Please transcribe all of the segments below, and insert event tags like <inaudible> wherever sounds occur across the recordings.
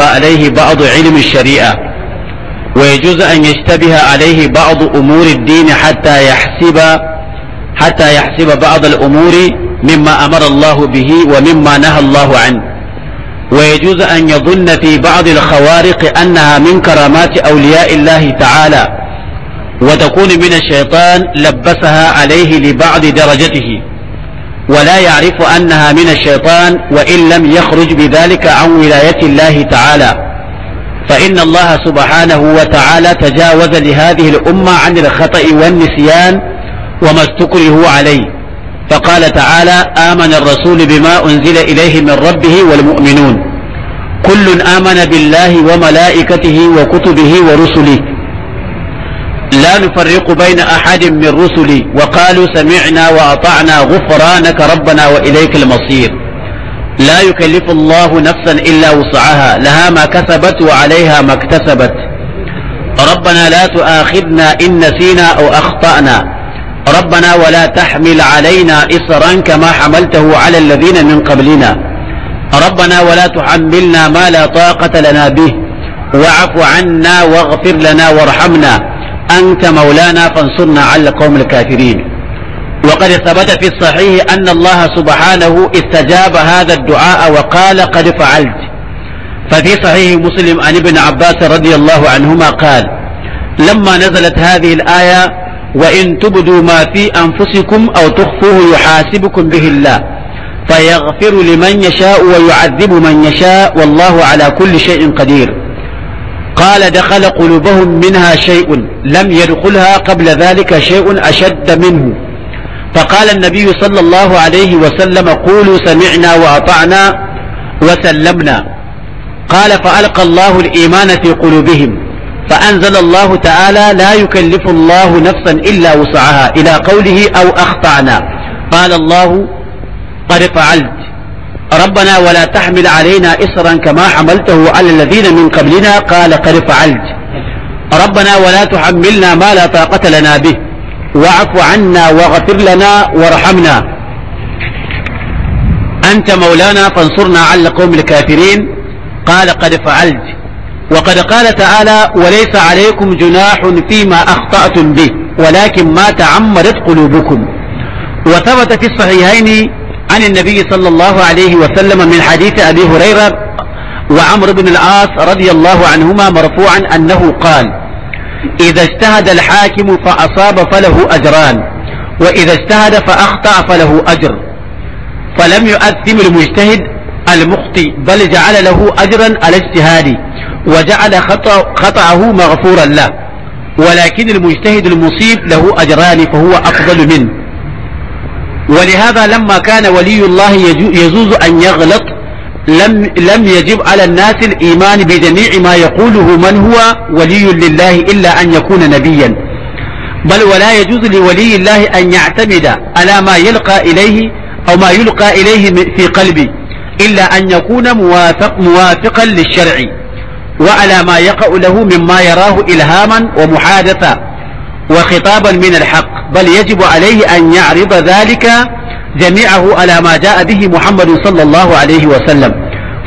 عليه بعض علم الشريعة ويجوز أن يشتبه عليه بعض أمور الدين حتى يحسب حتى يحسب بعض الأمور مما أمر الله به ومما نهى الله عنه ويجوز أن يظن في بعض الخوارق أنها من كرامات أولياء الله تعالى وتكون من الشيطان لبسها عليه لبعض درجته ولا يعرف أنها من الشيطان وإن لم يخرج بذلك عن ولاية الله تعالى فإن الله سبحانه وتعالى تجاوز لهذه الأمة عن الخطأ والنسيان وما استكرهوا عليه فقال تعالى آمن الرسول بما أنزل إليه من ربه والمؤمنون كل آمن بالله وملائكته وكتبه ورسله لا نفرق بين أحد من رسلي وقالوا سمعنا وأطعنا غفرانك ربنا وإليك المصير لا يكلف الله نفسا إلا وسعها لها ما كسبت وعليها ما اكتسبت ربنا لا تؤاخذنا إن نسينا أو أخطأنا ربنا ولا تحمل علينا إصرا كما حملته على الذين من قبلنا ربنا ولا تحملنا ما لا طاقة لنا به واعف عنا واغفر لنا وارحمنا أنت مولانا فانصرنا على القوم الكافرين وقد ثبت في الصحيح أن الله سبحانه استجاب هذا الدعاء وقال قد فعلت ففي صحيح مسلم عن ابن عباس رضي الله عنهما قال لما نزلت هذه الآية وإن تبدوا ما في أنفسكم أو تخفوه يحاسبكم به الله فيغفر لمن يشاء ويعذب من يشاء والله على كل شيء قدير قال دخل قلوبهم منها شيء لم يدخلها قبل ذلك شيء أشد منه فقال النبي صلى الله عليه وسلم قولوا سمعنا وأطعنا وسلمنا قال فألقى الله الإيمان في قلوبهم فأنزل الله تعالى لا يكلف الله نفسا إلا وسعها إلى قوله أو أخطعنا قال الله قد فعلت ربنا ولا تحمل علينا إصرا كما حملته على الذين من قبلنا قال قد فعلت ربنا ولا تحملنا ما لا طاقة لنا به واعف عنا واغفر لنا وارحمنا أنت مولانا فانصرنا على القوم الكافرين قال قد فعلت وقد قال تعالى وليس عليكم جناح فيما أخطأتم به ولكن ما تعمدت قلوبكم وثبت في الصحيحين عن النبي صلى الله عليه وسلم من حديث أبي هريرة وعمر بن العاص رضي الله عنهما مرفوعا أنه قال إذا اجتهد الحاكم فأصاب فله أجران وإذا اجتهد فأخطأ فله أجر فلم يؤثم المجتهد المخطي بل جعل له أجرا على اجتهاده وجعل خطأ خطأه مغفورا له ولكن المجتهد المصيب له أجران فهو أفضل منه ولهذا لما كان ولي الله يجوز أن يغلط لم, لم يجب على الناس الإيمان بجميع ما يقوله من هو ولي لله إلا أن يكون نبيا بل ولا يجوز لولي الله أن يعتمد على ما يلقى إليه أو ما يلقى إليه في قلبه إلا أن يكون موافق موافقا للشرع وعلى ما يقع له مما يراه إلهاما ومحادثة وخطابا من الحق بل يجب عليه أن يعرض ذلك جميعه على ما جاء به محمد صلى الله عليه وسلم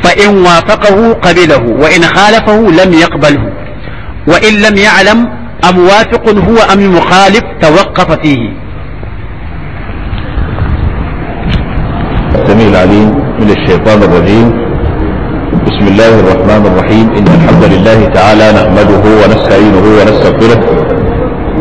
فإن وافقه قبله وإن خالفه لم يقبله وإن لم يعلم أموافق هو أم مخالف توقف فيه السميع العليم من الشيطان الرجيم بسم الله الرحمن الرحيم إن الحمد لله تعالى نحمده ونستعينه ونستغفره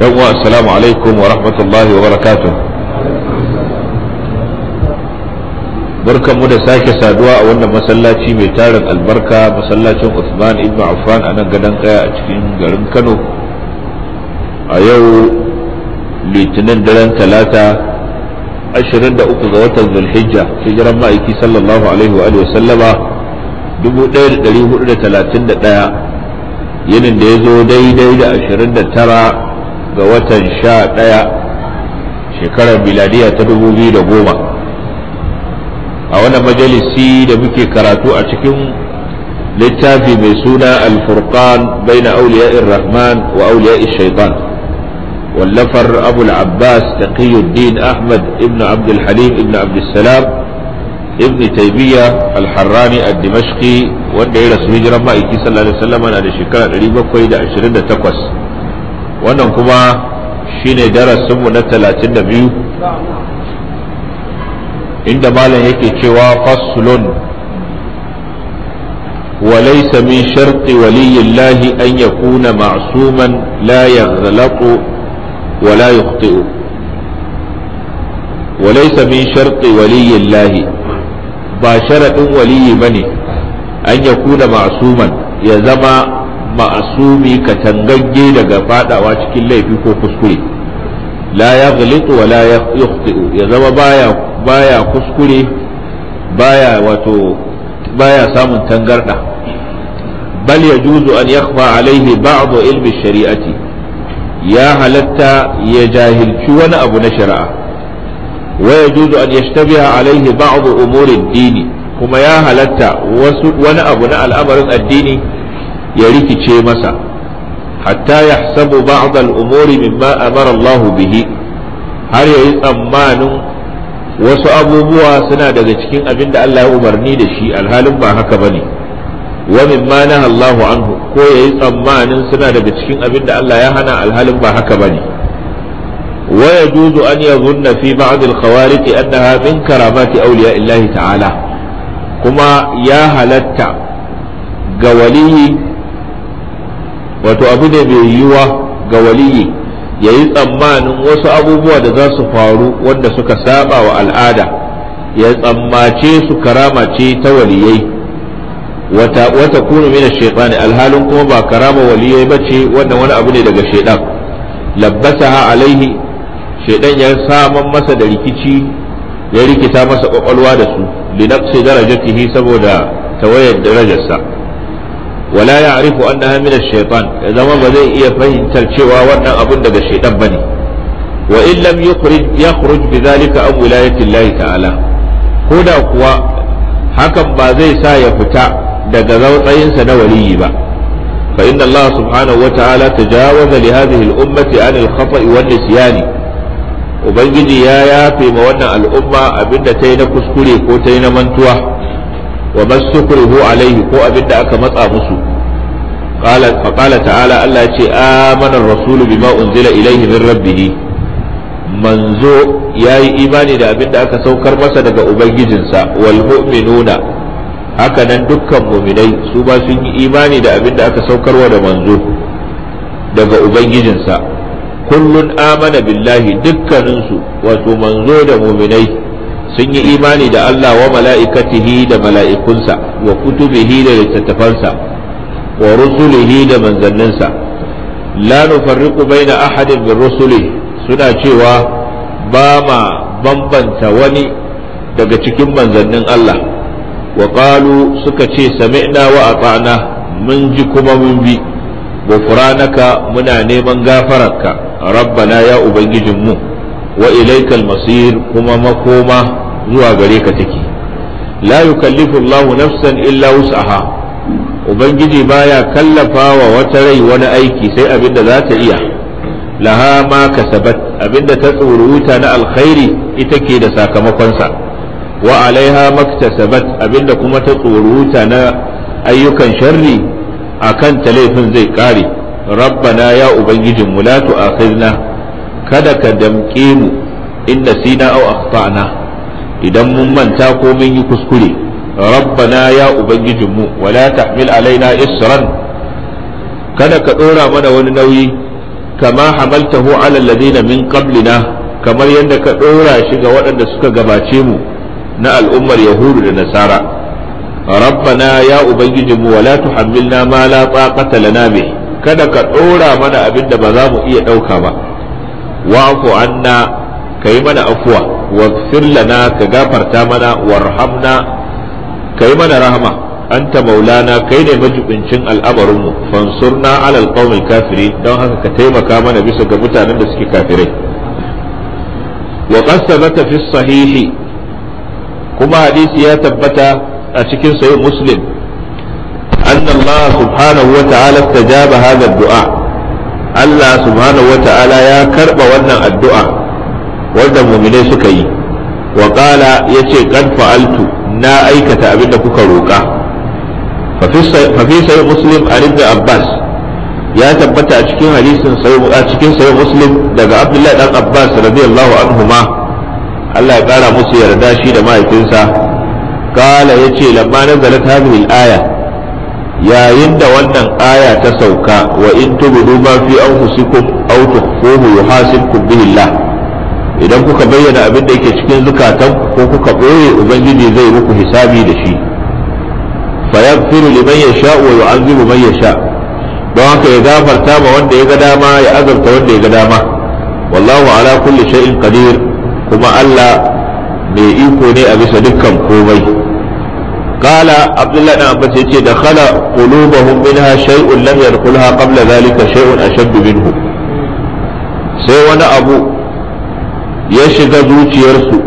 yan uwa assalamu alaikum wa rahmatullahi wa barakatuh barkanmu da sake saduwa a wannan masallaci mai tarin albarka masallacin Uthman ibn Affan a nan gadon kaya a cikin garin Kano a yau litinin daren talata 23 ga watan zulhijja hijiran ma'aiki sallallahu alaihi wa sallama 1431 yinin da ya zo daidai da 29 ga watan sha ɗaya shekarar miladiya ta dubu biyu da goma a wannan majalisi da muke karatu a cikin littafi mai suna alfurqan baina auliya'ir rahman wa auliya'ir shaitan wallafar abul abbas da qiyuddin ahmad ibn abdul halim ibn abdul salam ibn taibiya الحراني الدمشقي وانده رسول هجرة مائكي صلى الله عليه وسلم انا شكرا قريبا كويدا عشرين تقوس wannan kuma shine darasinmu na 32 inda malam yake cewa faslun وليس من شرط ولي الله أن يكون معصوما لا يغلط ولا يخطئ وليس من شرط ولي الله با شرط ولي بني أن يكون معصوما يزما ma'asumi katangagge daga fadawa cikin laifi ko kuskure la ya wa la ya ya zama baya baya kuskure baya wato baya samun tangarda bal yajuzu an yakhfa alaihi ba'd ilmi shari'ati ya halatta ya jahilci wani abu na shari'a wa yajuzu an yashtabiha alaihi ba'd umuri dini kuma ya halatta wasu wani abu na al'amarin addini ya rikice masa hatta yahsabu ba'd al-umuri mimma amara Allah bihi har yayi tsammanin wasu abubuwa suna daga cikin abin da Allah ya umarni da shi alhalin ba haka bane wa mimma naha Allah anhu ko yayi tsammanin suna daga cikin abin da Allah ya hana alhalin ba haka bane wa yajuzu an yadhunna fi ba'd al-khawariq annaha min karamati awliya Allah ta'ala kuma ya halatta ga walihi wato abu ne mai yiwuwa ga waliyi ya yi tsammanin wasu abubuwa da za su faru wanda suka saba wa al'ada ya tsammace su karama ce ta waliyai wata kunu mina shaitani alhalin kuma ba karama waliyai ba ce wannan wani abu ne daga shaidan labbasa ha alaihi shaidan ya saman masa da rikici ya rikita masa kwakwalwa da su linaqsi darajatihi saboda tawayar darajarsa wala ya'rifu annaha min ash-shaytan ya zama ba zai iya fahimtar cewa wannan abun daga shaytan bane wa in lam yukhrij yakhruj bidhalika an wilayati Allah ta'ala ko da kuwa hakan ba zai sa ya fita daga zautsayinsa na waliyi ba fa inna Allah subhanahu wa ta'ala tajawaza li hadhihi al-ummati an al-khata'i wan ubangiji ya yafe ma wannan al'umma abinda ta yi na kuskure ko ta yi na mantuwa wa masukrihu alaihi ko abin da aka matsa musu qala qala ta'ala Allah ya ce amana ar-rasul bima unzila ilayhi min rabbih manzo yayi imani da abin da aka saukar masa daga ubangijinsa wal mu'minuna haka nan dukkan mu'minai su ba sun yi imani da abin da aka saukarwa da manzo daga ubangijinsa kullun amana billahi dukkaninsu wato manzo da mu'minai sun yi imani da Allah wa mala'ikatihi da mala'ikunsa wa kutubihi da littattafansa wa rusulihi da manzanninsa la nufarriqu baina ahadin min rusuli suna cewa ba ma bambanta wani daga cikin manzannin Allah wa qalu suka ce sami'na wa ata'na mun ji kuma mun bi gufranaka muna neman gafararka rabbana ya ubangijinmu mu wa ilaikal masir kuma makoma zuwa gare ka take la yukallifu Allahu nafsan illa wus'aha ubangiji baya kallafa wa wata rai wani aiki sai abinda za ta iya laha ma kasabat abinda ta tsoruta na alkhairi ita ke da sakamakonsa wa alaiha maktasabat abinda kuma ta tsoruta na ayyukan sharri akan ta laifin zai kare rabbana ya ubangijinmu la tu'akhidna kada ka damƙe mu in sina aw akhtana idan mun manta ko mun yi kuskure rabbana ya ubangijinmu wala tahmil alaina isran kada ka dora mana wani nauyi kama hamaltahu ala alladhina min qablina kamar yadda ka dora shi ga waɗanda suka gabace mu na al'ummar yahudu da nasara rabbana ya ubangijinmu wala tuhammilna ma la taqata lana bihi kada ka ɗora mana abin da ba za mu iya ɗauka ba wa'fu anna ka yi mana afuwa waghfir lana ka gafarta mana warhamna kai mana rahma anta maulana kai ne majibincin al'amarin mu fansurna alal qawmil kafirin don haka ka taimaka mana bisa ga mutanen da suke kafirai wa qad thabata fi sahihi kuma hadisi ya tabbata a cikin sahih muslim أن الله سبحانه وتعالى استجاب هذا الدعاء الله سبحانه وتعالى يا كرب ونع الدعاء wanda mu'minai suka yi wa ya yace 'Kan fa'altu na aikata abin da kuka roka Fafi fi sai muslim abbas ya tabbata a cikin hadisin a cikin sai muslim daga abdullahi dan abbas radiyallahu anhuma Allah ya kara musu yarda shi da mahaifinsa قال يتي لما نزلت هذه الآية يا يند ونن آية تسوكا وإن تبدوا ما في أنفسكم أو تخفوه ku به الله idan kuka bayyana abin da yake cikin zukatanku ko kuka ɓoye ubangiji zai muku hisabi da shi fa yaghfiru liman yasha wa yu'adhibu man yasha don haka ya gafarta ma wanda ya ga dama ya azabta wanda ya ga dama wallahu ala kulli shay'in qadir kuma Allah mai iko ne a bisa dukkan komai قال عبد الله بن عباس يتي دخل قلوبهم منها شيء لم يدخلها قبل ذلك شيء أشد منه Sai wani abu. ya shiga zuciyarsu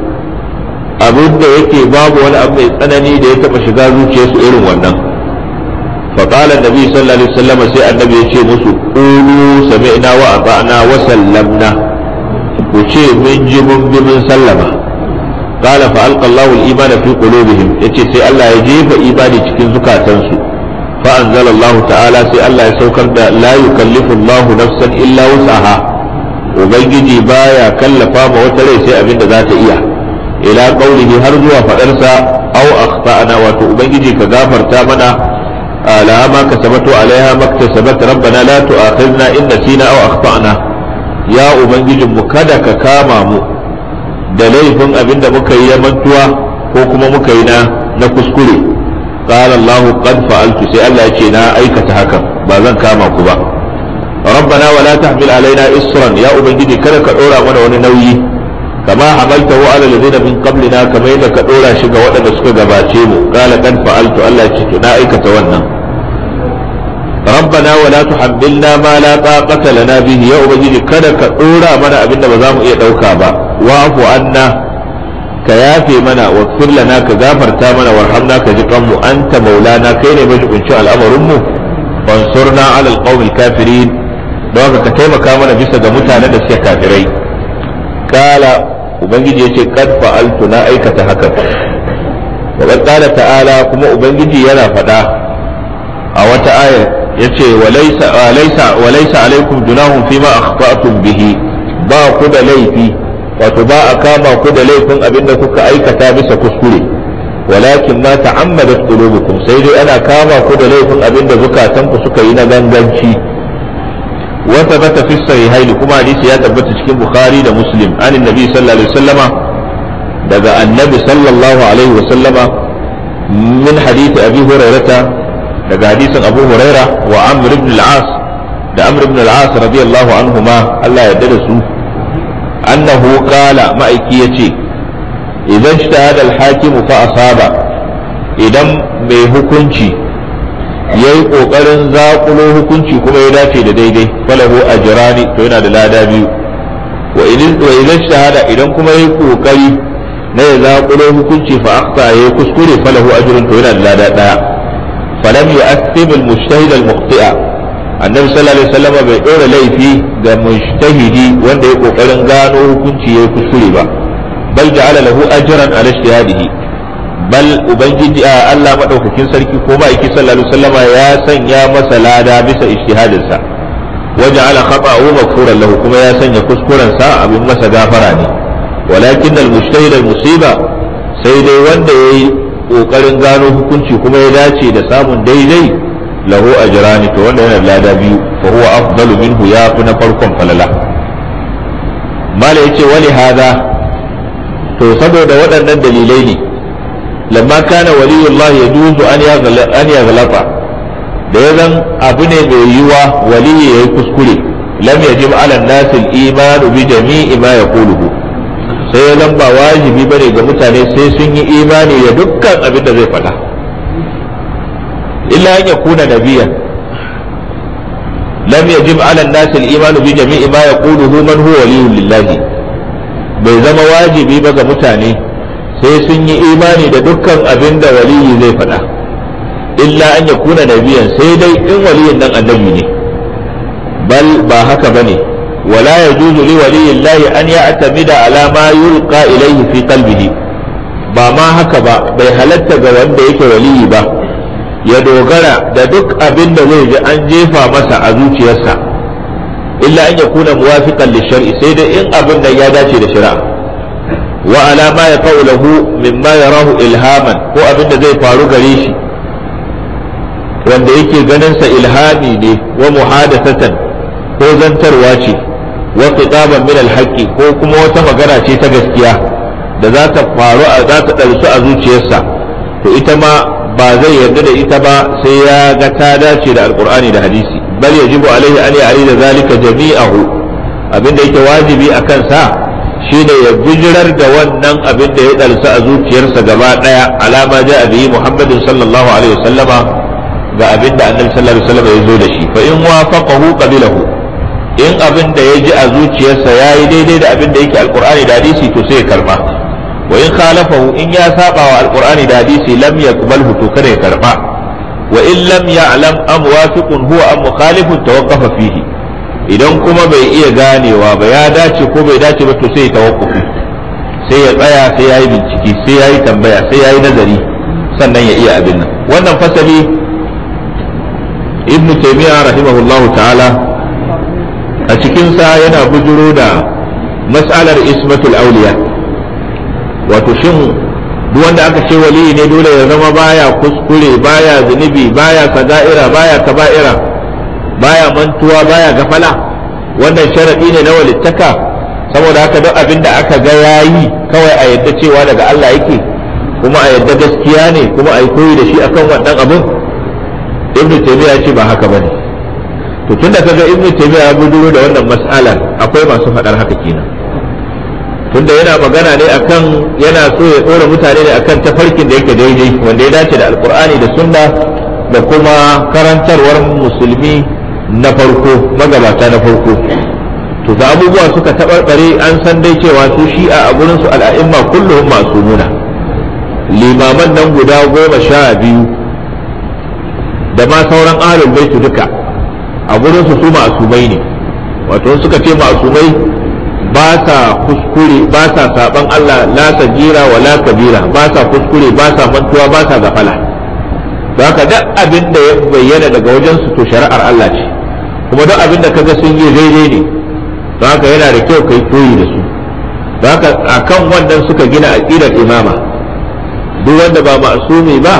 abin da yake babu wani abu mai tsanani da ya taba shiga zuciyarsu irin wannan faƙala da nabi sallallahu alaihi wasallam sai annabi ya ce musu qulu sami'na wa ata'na wa sallamna ku ce mun ji mun bi mun sallama qala fa alqa Allahu al-iman fi qulubihim yace sai Allah ya jefa ibadi cikin zukatansu fa anzala Allahu ta'ala sai Allah ya saukar da la yukallifu Allahu nafsan illa wusaha ubangiji baya kallafa ma wata rai sai abinda za ta iya ila qaulihi har zuwa fadarsa aw akhtana wato ubangiji ka gafarta mana ala ma kasabatu alaiha maktasabat rabbana la tu'akhidna in nasina aw akhtana ya ubangijin mu kada ka kama mu da laifin abinda muka yi mantuwa ko kuma muka yi na kuskure qala lahu kan fa'altu sai allah ya ce na aikata hakan ba zan kama ku ba ربنا ولا تحمل علينا اسرا يا ابن جدي كذا كاورا وانا وانا نوي كما حملته على الذين من قبلنا كما يدك كاورا شيكا وانا بسكا باتيمو قال كان فعلت الا شيكا نائكا تونا ربنا ولا تحملنا ما لا طاقة لنا به يا ابن جدي كذا كاورا وانا ابن بزام يا إيه دوكابا واعف عنا كيافي منا واغفر لنا كذافر تامنا وارحمنا كجقمو انت مولانا كيني إن شاء الامر امه فانصرنا على القوم الكافرين don haka ka taimaka mana bisa ga mutanen da suke kafirai kala ubangiji yace kad fa'altu na aikata haka wa qala ta'ala kuma ubangiji yana faɗa a wata ayar yace walaysa walaysa walaysa alaikum junahun fima akhtatum bihi ba ku da laifi wato ba a kama ku da laifin abinda kuka aikata bisa kuskure walakin ma ta'ammadat qulubukum sai dai ana kama ku da laifin abinda zukatanku suka yi na ganganci wa thabata fi haili kuma hadisi ya tabbata cikin bukhari da muslim anin nabi sallallahu alaihi wasallama daga annabi sallallahu alaihi wasallama min hadisi abi hurairata daga hadisin abu huraira wa da amr ibn al-as radiyallahu anhuma Allah ya yarda da su annahu qala ma'aiki yace idan ijtahada fa asaba idan mai hukunci ya yi ƙoƙarin zaƙulo hukunci kuma ya dace da daidai falahu a jirani to yana da lada biyu wa idan shahada idan kuma ya yi ƙoƙari na ya zaƙulo hukunci fa akta ya yi kuskure falahu a jirin to yana da lada ɗaya falam ya asib al-mujtahid al-muqti'a annabi sallallahu alaihi wasallam bai ɗora laifi ga mujtahidi wanda ya ƙoƙarin gano hukunci ya yi kuskure ba bal ja'ala lahu ajran ala ijtihadihi bal ubangiji Allah madaukakin sarki ko ba yake sallallahu alaihi wasallama ya sanya masa lada bisa sa ijtihadinsa waja'ala khata'u maghfuran lahu kuma ya sanya kuskuren sa abin masa gafara ne walakin al-mujtahid al-musiba sai dai wanda yayi kokarin gano hukunci kuma ya dace da samun daidai lahu ajrani to wanda yana lada biyu fa huwa afdalu minhu ya fi na farkon falala mala yace wali hada to saboda waɗannan dalilai ne lamma kana waliyullah ya duzu an ya galata da ya zan abu ne mai yiwa waliyi ya yi kuskure lam ya jim ala nasil iman bi jami'i ma ya kuluhu sai ya zan ba wajibi bane ga mutane sai sun yi imani da dukkan abin da zai faɗa illa an ya kuna nabiyan لم يجب على الناس الإيمان بجميع ما يقوله kuluhu هو ولي لله bai zama wajibi ba ga mutane sai sun yi imani da dukkan abin da waliyi zai faɗa illa an ya kuna nabiyan sai dai in waliyin nan annabi ne bal ba haka bane wala yajuzu li waliyin lahi an ya ya'tamida ala ma yulqa ilayhi fi qalbihi ba ma haka ba bai halatta ga wanda yake waliyi ba ya dogara da duk abin da zai ji an jefa masa a zuciyarsa illa an ya kuna muwafiqan li shar'i sai dai in abin da ya dace da shari'a wa ala ma ya lahu mimma yarahu ilhaman ko abin da zai faru gare shi wanda yake ganin sa ilhami ne wa muhadathatan ko zantarwa ce wa qitaban min alhaqi ko kuma wata magana ce ta gaskiya da za ta faru a za ta a zuciyarsa to ita ma ba zai yarda da ita ba sai ya ga ta dace da alqur'ani da hadisi bal yajibu alaihi an ya'rida zalika jami'ahu abinda yake wajibi akan sa shine ya bijirar da wannan abin da ya dalsa a zuciyarsa gaba daya alama ja bihi muhammadin sallallahu alaihi wasallama ga abin da annabi sallallahu alaihi wasallam ya zo da shi fa in wafaqahu qabilahu in abin da ya ji a zuciyarsa yayi daidai da abin da yake alqur'ani da hadisi to sai ya karba wa in khalafahu in ya saba wa alqur'ani da hadisi lam yaqbalhu to kada ya karba wa in lam ya'lam am wafiqun huwa am mukhalifun tawaqafa fihi idan kuma bai iya ganewa ba ya dace ko bai dace ba to sai ya tawakkufi sai ya tsaya sai ya yi bincike sai ya yi tambaya sai ya yi nazari sannan ya iya abin nan wannan fasali ibnu taymiya rahimahullahu ta'ala a cikin sa yana bujuro da mas'alar ismatul auliya wato shin duk wanda aka ce wali ne dole ya zama baya kuskure baya zunubi baya saga'ira baya kaba'ira baya mantuwa baya gafala wannan sharadi ne na walittaka saboda haka duk abin da aka ga yayi kawai a yadda cewa daga Allah yake kuma a yadda gaskiya ne kuma a yi koyi da shi akan wannan abin ibn taymiya ce ba haka bane to tunda kaga ibn taymiya ya gudu da wannan mas'ala akwai masu fadar haka kenan tunda yana magana ne akan yana so ya ɗora mutane ne akan tafarkin da yake daidai wanda ya dace da alkur'ani da sunna da kuma karantarwar musulmi na farko magabata na farko to da abubuwa suka tabarbare an san dai cewa su shi'a a gurin su al'a'imma kullum masu muna limaman nan guda goma sha biyu da ma sauran ahlul baitu duka a gurin su su ma'asumai ne wato suka ce ma'asumai ba sa kuskure ba sa saban Allah la sajira wa la kabira ba sa kuskure ba sa mantuwa ba sa gafala haka duk abin da ya bayyana daga wajen su to shari'ar Allah ce kuma duk abin da kaga sun yi daidai ne don haka yana da kyau kai koyi da su don haka a kan wannan suka gina aqidar imama duk wanda ba ma'sumi ba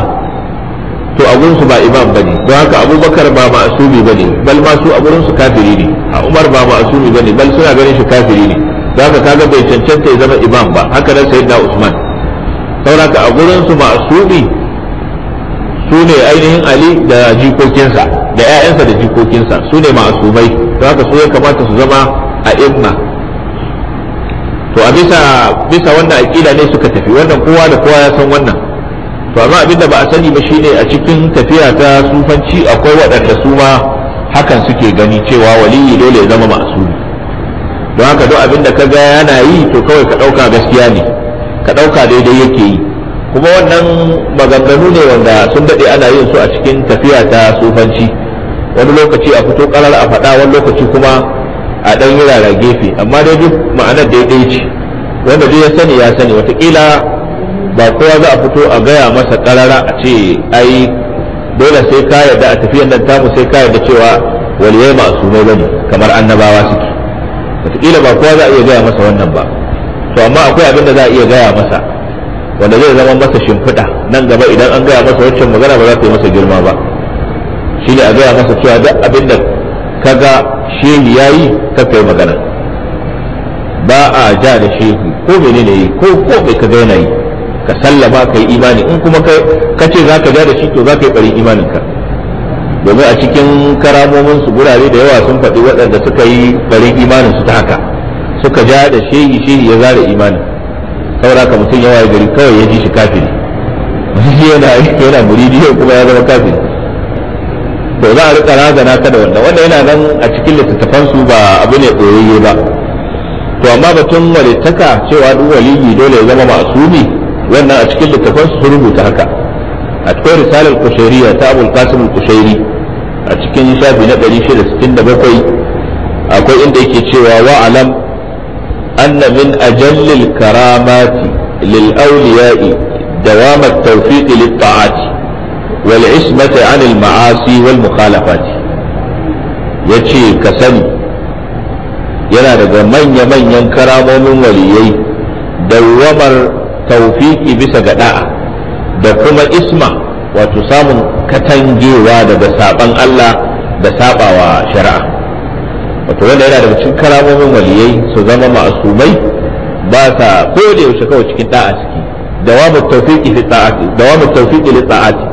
to abun su ba imam bane don haka abubakar ba ma'asumi bane bal ma su abun su kafiri ne a umar ba ma'asumi bane bal suna ganin shi kafiri ne don haka kaga bai cancanta ya zama imam ba haka nan sayyidina usman ka a gurin su ma'asumi su ne ainihin ali da jikokinsa da 'ya'yansa da jikokinsa su ne ma'asumai to haka su ya kamata su zama a imma to a bisa bisa wannan aƙida ne suka tafi wannan kowa da kowa ya san wannan to amma abin ba a sani ba shine a cikin tafiya ta sufanci akwai waɗanda su ma hakan suke gani cewa waliyi dole ya zama ma'asumi don haka duk abin ka ga yana yi to kawai ka ɗauka gaskiya ne ka ɗauka daidai yake yi kuma wannan maganganu ne wanda sun daɗe ana yin su a cikin tafiya ta sufanci wani lokaci a fito karar a faɗa wani lokaci kuma a ɗan yi rara gefe amma dai duk ma'anar daidai ce wanda duk ya sani ya sani wataƙila ba kowa za a fito a gaya masa karara a ce ai dole sai ka yarda a tafiyan nan tamu sai ka yarda cewa waliyai ma'asumai bane kamar annabawa suke wataƙila ba kowa za a iya gaya masa wannan ba to amma akwai abin da za a iya gaya masa wanda zai zama masa shimfiɗa nan gaba idan an gaya masa waccan magana ba za ta yi masa girma ba shine a gaya masa cewa duk abin da kaga shehi yayi ka kai magana ba a ja da shehu ko menene yi ko ko bai kaga yana yi ka sallama ka yi imani in kuma ka ce za ka ja da shi to za ka yi imanin imaninka domin a cikin karamomin su gurare da yawa sun faɗi waɗanda suka yi bari imanin su ta haka suka ja da shehi shehi ya zara imanin saboda ka mutum yawa ya gari kawai ya ji shi kafiri <laughs> yana yana muridi kuma ya zama kafiri to za a rika razana ka da wannan yana nan a cikin littattafan su ba abu ne koyayye ba to amma batun walittaka cewa duk waliyi dole ya zama masumi wannan a cikin littattafan su rubuta haka a cikin risalar kushairiya ta abul qasim kushairi a cikin shafi na 667 akwai inda yake cewa wa alam anna min ajallil karamati lil awliya'i da at-tawfiq lit-ta'ati wal ismata anil ma'asi wal mukhalafati yace ka sani yana daga manya-manyan karamomin waliyai dawwamar taufiki bisa ga da kuma isma wato samun katangewa daga saban Allah da sabawa shari'a wato wanda yana daga cikin karamomin waliyai su zama ma'asumai ba ta ko da yaushe kawai cikin da'a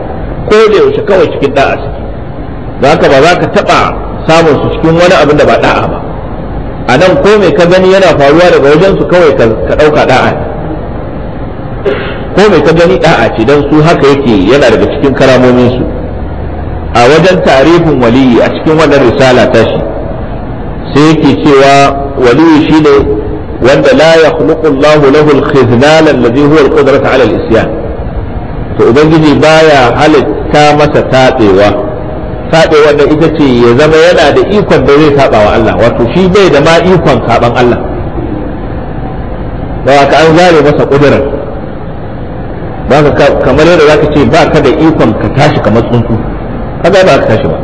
ko da yaushe kawai cikin da'a suke da ka ba za ka taɓa samun su cikin wani abin da ba da'a ba a nan ko mai ka gani yana faruwa daga wajen su kawai ka ɗauka da'a ko mai ka gani da'a ce don su haka yake yana daga cikin karamomin su a wajen tarihin waliyi a cikin wannan risala ta shi sai yake cewa waliyi shine wanda la yakhluqu Allah lahu al-khizlal alladhi huwa al-qudratu ala al-isyan to ubangiji baya halitta ta masa taɓewa taɓewa da ita ce ya zama yana da ikon da zai saɓa wa Allah wato shi bai da ma ikon saɓan Allah da ka an zare masa ƙudurar kamar yadda za ka ce ba ka da ikon ka tashi kamar Ka kaga ba ka tashi ba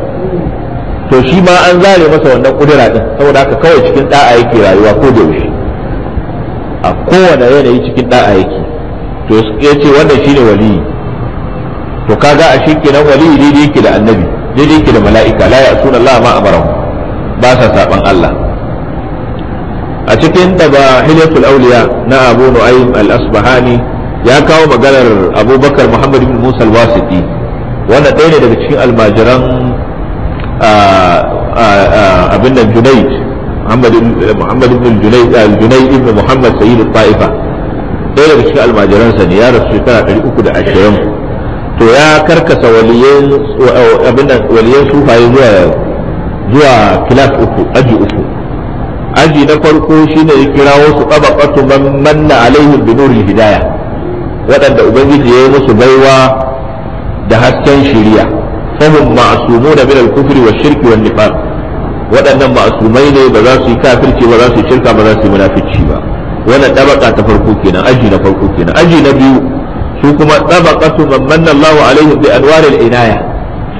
to shi ma an zare masa wannan ƙudura din saboda haka kawai cikin da'a yake rayuwa ko da yaushe a kowane yanayi cikin da'a yake to ya ce wannan shine waliyi to kaga a shi kenan wali daidai yake da annabi daidai yake da mala'ika la ya'suna Allah ma amarahu ba sa saban Allah a cikin tabahilatul awliya na Abu Nu'aym al-Asbahani ya kawo maganar Abubakar Muhammad ibn Musa al-Wasiti wanda ɗaya ne daga cikin almajiran abin da Junayd Muhammad ibn Junayd al-Junayd ibn Muhammad Sayyid al-Ta'ifa ɗaya daga cikin almajiransa ne ya rasu shekara 320 to ya karkasa waliyan eh, abinda waliyan sufaye zuwa kilas uku aji uku aji na farko shine ya kirawo su qabaqatu man manna alaihim bi nuril hidaya. waɗanda ubangiji ya yi musu baiwa da hasken shiriya fahim ma'asumu da min kufri wa shirki wa nifaq waɗannan ma'asumai ne ba za su yi kafirci ba za su yi shirka ba za su yi munafici ba wannan ɗabaka ta farko kenan aji na farko kenan aji na biyu su kuma tabaqatu man Allahu alaihi bi anwar al-inaya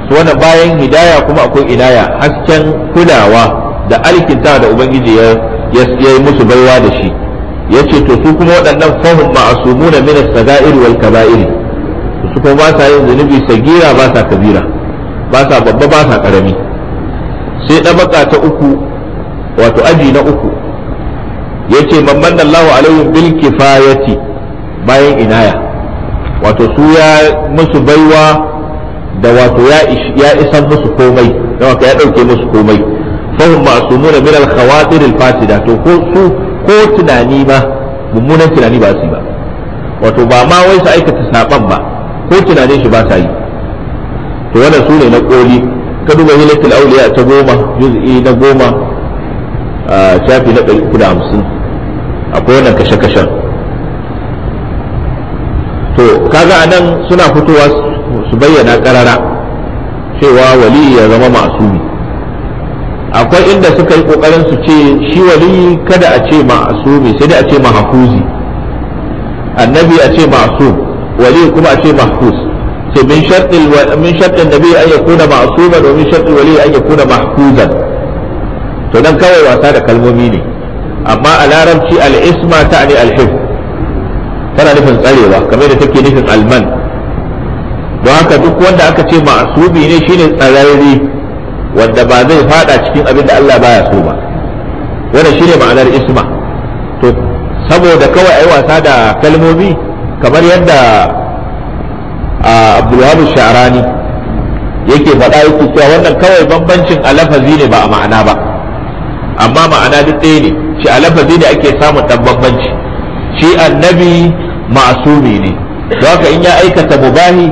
su wannan bayan hidaya kuma akwai inaya hasken kulawa da alkinta da ubangiji ya ya musu baiwa da shi yace to su kuma waɗannan fahum ma'asumuna min as sada'ir wal kaba'ir su kuma ba sa yin zunubi sagira ba sa kabira ba sa babba ba sa karami sai dabaka ta uku wato aji na uku yace mamman Allahu alaihi bil kifayati bayan inaya wato su ya musu baiwa da wato ya isan musu komai da waka ya ɗauke musu komai fahim ma'asumuna min al-khawatir al-fasida to ko su ko tunani ma mummunan tunani ba su ba wato ba ma wai su aikata saban ba ko tunanin shi ba sa yi to wannan su ne na koli ka duba hilatul awliya ta goma juz'i na goma shafi na 350 akwai wannan kashe-kashen to kaga anan suna fitowa su bayyana karara cewa wali ya zama masumi akwai inda suka yi kokarin su ce shi wali kada a ce masumi sai dai a ce mahfuzi annabi a ce masum wali kuma a ce mahfuz sai min shartil min shartil nabi an yakuna ma'suma wa min shartil wali an yakuna mahfuzan to dan kawai wasa da kalmomi ne amma a larabci al-isma ta'ni al-hifz nufin tsarewa kamar da take nufin alman don haka duk wanda aka ce asubi ne shine tsararre wanda ba zai fada cikin abin da Allah baya so ba wannan shine ma'anar isma to saboda kawai ai wasa da kalmomi kamar yadda Abdulwahab Sha'rani yake faɗa yake cewa wannan kawai bambancin alafazi ne ba a ma'ana ba amma ma'ana duk ɗaya ne shi alafazi ne ake samun ɗan bambanci shi annabi ma'asumi ne haka in ya aikata mubahi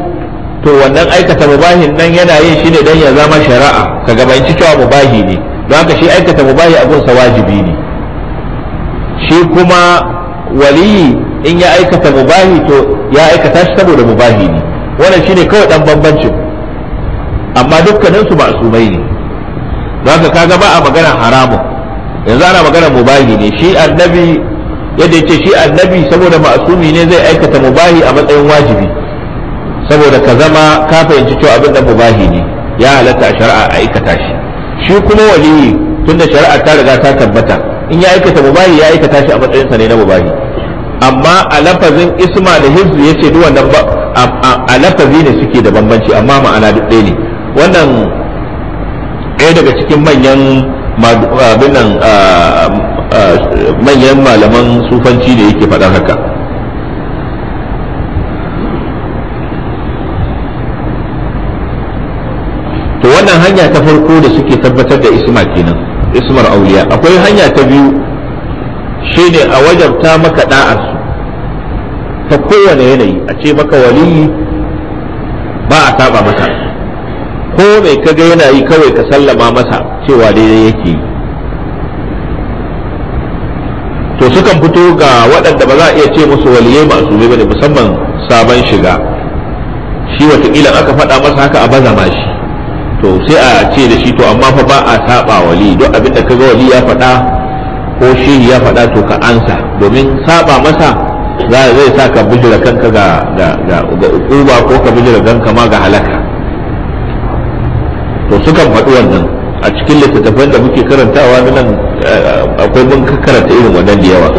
to wannan aikata mubahin nan yana yin shi ne dan ya zama shari'a ka gabanci cewa mubahi ne haka shi aikata mubahi gunsa wajibi ne shi kuma waliyi in ya aikata mubahi to ya aikata shi saboda mubahi ne wannan shine kawai dan bambancin amma dukkanin su ma'asumai ne haka kaga ba a magana haramun yanzu ana magana mubahi ne shi annabi yadda ya ce shi annabi saboda ma'asumi ne zai aikata mubahi a matsayin wajibi saboda ka zama ka fahimci cewa abin da mubahi ne ya halatta a shari'a a aikata shi shi kuma waliyi tunda shari'a ta riga ta tabbata in ya aikata mubahi ya aikata shi a matsayin sa ne na mubahi amma a lafazin isma da ya yace duk wannan a lafazi ne suke da bambanci amma ma'ana duk ɗaya ne wannan ɗaya daga cikin manyan abin nan ah, manyan malaman sufanci ne yake faɗa haka to wannan hanya ta farko da suke tabbatar da isma kenan ismar auliya akwai hanya ta biyu shine a wajabta maka da'arsu ta kowane yanayi a ce maka wali ba a saba masa ko mai kaga yana yi kawai ka sallama masa cewa daidai yake yi to sukan fito ga waɗanda ba za a iya ce musu waliyai su ba ne musamman sabon shiga shi watakila aka faɗa masa haka a baza ma shi to sai a ce da shi to amma fa ba a saba wali duk abin da kaga wali ya faɗa ko shehi ya faɗa to ka ansa domin saba masa za zai sa ka bijira kanka ga ga ko ka bijira kanka ma ga halaka to sukan faɗi wannan a cikin littattafan da muke karantawa nan eh, akwai mun karanta irin wannan da yawa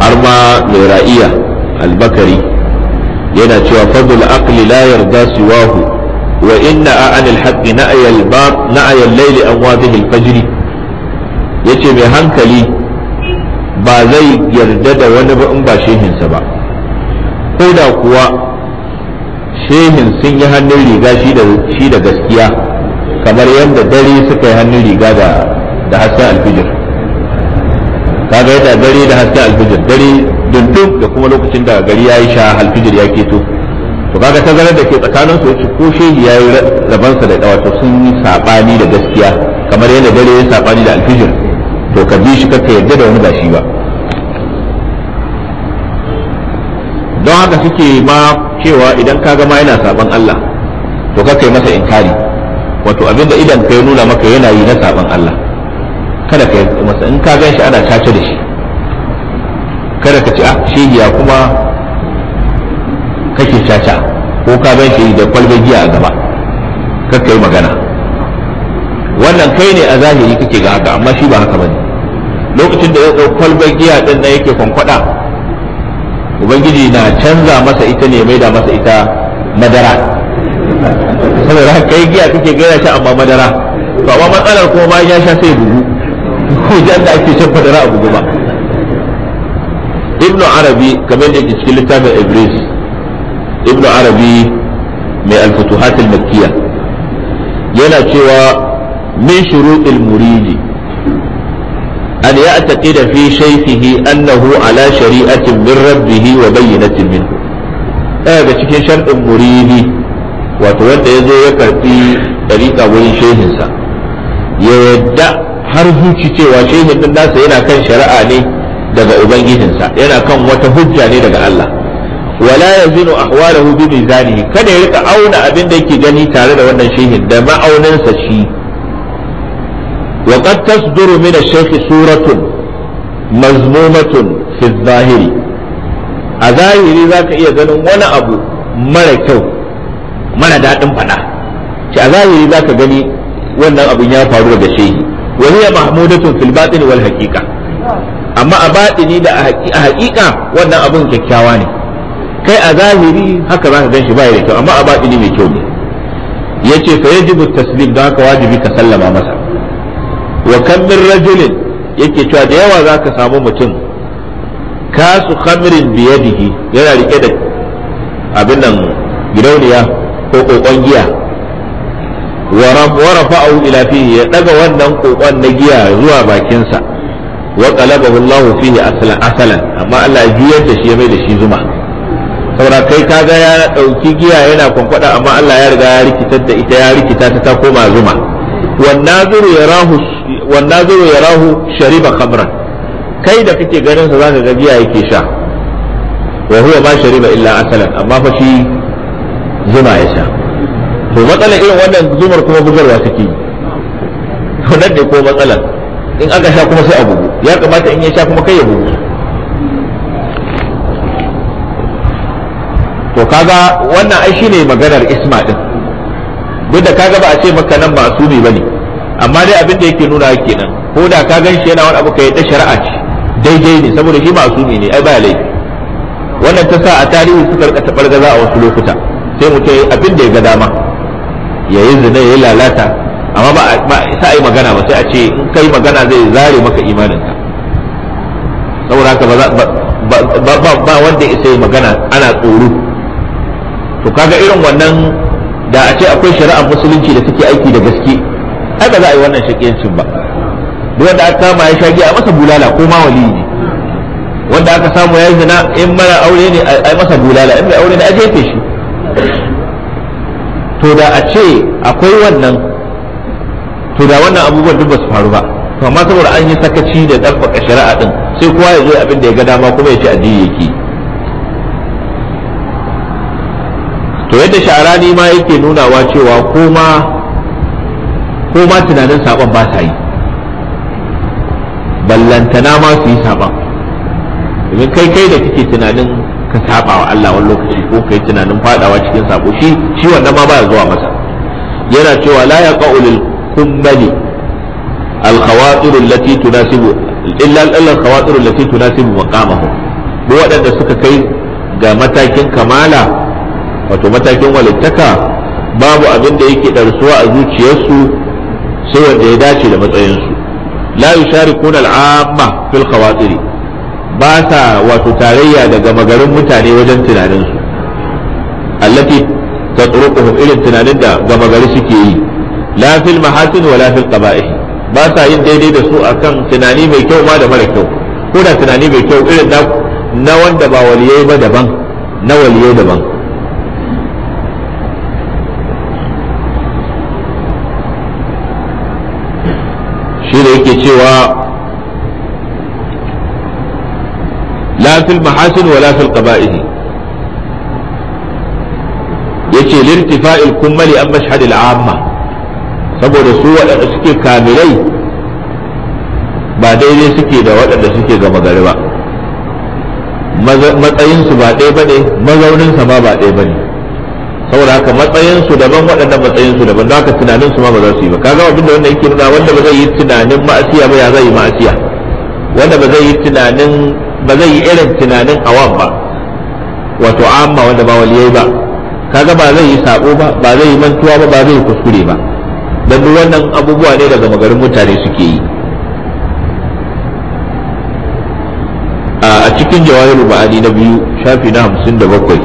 har ma mai albakari yana cewa fadul aqli la yarda siwahu wa inna an alhaq na'ya albab na'ya layli an wadhihi al-fajr yace mai hankali ba zai yarda da wani ba in ba shehinsa ba ko da kuwa shehin sun yi hannun riga shi da gaskiya kamar yadda dare suka yi hannun riga da da hasken alfijir kaga yadda dare da hasken alfijir dare dundun da kuma lokacin da gari ya yi sha alfijir ya keto to kaga tazarar da ke tsakanin su yace ko shehi ya yi rabansa da wato sun yi sabani da gaskiya kamar yadda dare ya sabani da alfijir to ka bi shi kake yadda da wani ba shi ba don haka suke ma cewa idan ka gama yana saban Allah to kake masa inkari wato abinda idan ka nuna maka yana yi na saban Allah kada ka yi masa in ka gan shi ana caca da shi kada ka ci a ah, shehiya kuma kake caca ko ka gan shi da kwalbe giya a gaba ka yi magana wannan kai ne a zahiri kake ga haka amma shi ba haka bane lokacin da ya ɗau kwalbe giya din nan yake kwankwada ubangiji na canza masa ita ne mai da masa ita madara saboda haka kai giya kake gaya shi amma madara to amma matsalar kuma ma ya sha sai bugu ko jan da ake shan madara a bugu ba ibnu arabi kamar da yake cikin littafin ibris ibnu arabi mai al-futuhat al-makkiyya yana cewa min shurutil muridi an ya'taqida fi shaykhihi annahu ala shari'atin min rabbih wa bayyinatin minhu daga cikin sharɗin muridi wato wanda ya zo ya karfi ɗariƙa wurin shehinsa ya yadda har zuci cewa shehin ɗin nasa yana kan shari'a ne daga ubangijinsa yana kan wata hujja ne daga Allah wala yazinu ahwalahu bi mizanihi kada ya rika auna abin da yake gani tare da wannan shehin da ma'auninsa shi wa qad tasduru min ash-shaykh suratun mazmumatun fi adh-dhahiri a zahiri zaka iya ganin wani abu mara kyau Mana daɗin faɗa ce a zahiri za ka gani wannan abin ya faru daga shehi wa hiya mahmudatun fil batin wal haqiqa amma a batini da a haqiqa wannan abun kyakkyawa ne kai a zahiri haka za ka gan shi ba da kyau amma a batini mai kyau ne yace fa yajibu taslim da haka wajibi ka sallama masa wa kam min rajulin yake cewa da yawa za ka samu mutum kasu khamrin biyadihi yana rike da abin nan gidauniya ko kokon giya wa rafa'u ila fihi ya daga wannan kokon na giya zuwa bakinsa wa qalabahu Allahu fihi aslan aslan amma Allah ya juyar da shi ya mai da shi zuma saboda kai kaga ya dauki giya yana kwankwada amma Allah ya riga ya rikitar da ita ya rikita ta ta koma zuma wannazuru yarahu ya yarahu shariba khamran kai da kake ganin sa zaka ga giya yake sha wa huwa ma shariba illa aslan amma fa shi zuma ya sha to matsalar irin wannan zumar kuma bugarwa take yi to nan ne ko matsalar in aka sha kuma sai a bugu ya kamata in ya sha kuma kai ya bugu to kaga wannan ai shine maganar isma din duk da kaga ba a ce maka nan ne bane amma dai abin da yake nuna kenan ko da ka gan shi yana wani abu kai da shari'a ce daidai ne saboda shi masumi ne ai ba laifi wannan ta sa a tarihi suka rika gaza a wasu lokuta sai mu ce abin da ya ga dama ya yi zina ya yi lalata amma ba a sa yi magana ba sai a ce in kai magana zai zare maka ka saboda haka ba wanda isa yi magana ana tsoro to kaga irin wannan da a ce akwai shari'ar musulunci da take aiki da gaske ai ba za a yi wannan shakiyancin ba duk wanda aka kama ya shagi a masa bulala ko ma wali ne wanda aka samu ya yi zina in mara aure ne a masa bulala in mai aure ne a jefe shi to da a ce akwai wannan to da wannan abubuwan duk ba su faru ba to amma saboda an yi sakaci da ɗabbaka shari'a ɗin, sai kowa ya zo abin da ya ga dama kuma ya ce addini yake to yadda sha'arani ma yake nunawa cewa koma koma tunanin saban ba sa yi ballantana ma su yi saban domin kai kai da kike tunanin ka saba wa Allah wani lokaci ko kai tunanin fadawa cikin sako shi shi wannan ma baya zuwa masa yana cewa la yaqa'u lil kummali al khawatir allati tunasibu illa al khawatir allati tunasibu maqamahu duk waɗanda suka kai ga matakin kamala wato matakin walittaka babu abin da yake darsuwa a zuciyarsu sai wanda ya dace da matsayinsu la yusharikuna al amma fil khawatiri ba sa wato tarayya daga magarin mutane wajen tunaninsu allati tatruquhum irin tunanin da gama gari suke yi la fil mahasin wa la fil qaba'ih ba sa yin daidai da su akan tunani mai kyau ma da mara kyau ko da tunani mai kyau irin na na wanda ba waliyai ba daban na waliyai daban shi da yake cewa fil mahasin wala fil qaba'ih yace lirtifa'il kummali an mashhadil amma saboda su waɗanda suke kamilai ba daidai suke da waɗanda suke gama gari ba matsayinsu ba ɗaya ba ne mazauninsa ma ba ɗaya ba ne saboda haka matsayinsu daban matsayinsu daban don haka ma ba za su yi ba kaga abinda yake nuna wanda ba zai yi tunanin ma'asiya ba ya zai yi ma'asiya wanda ba zai yi tunanin ba zai yi irin tunanin awam ba wato amma wanda ba waliyai ba kaga ba zai yi sabo ba ba zai yi mantuwa ba ba zai yi kuskure ba dan duk wannan abubuwa ne daga magarin mutane suke yi a cikin jawahirul ma'ani na biyu shafi na hamsin da bakwai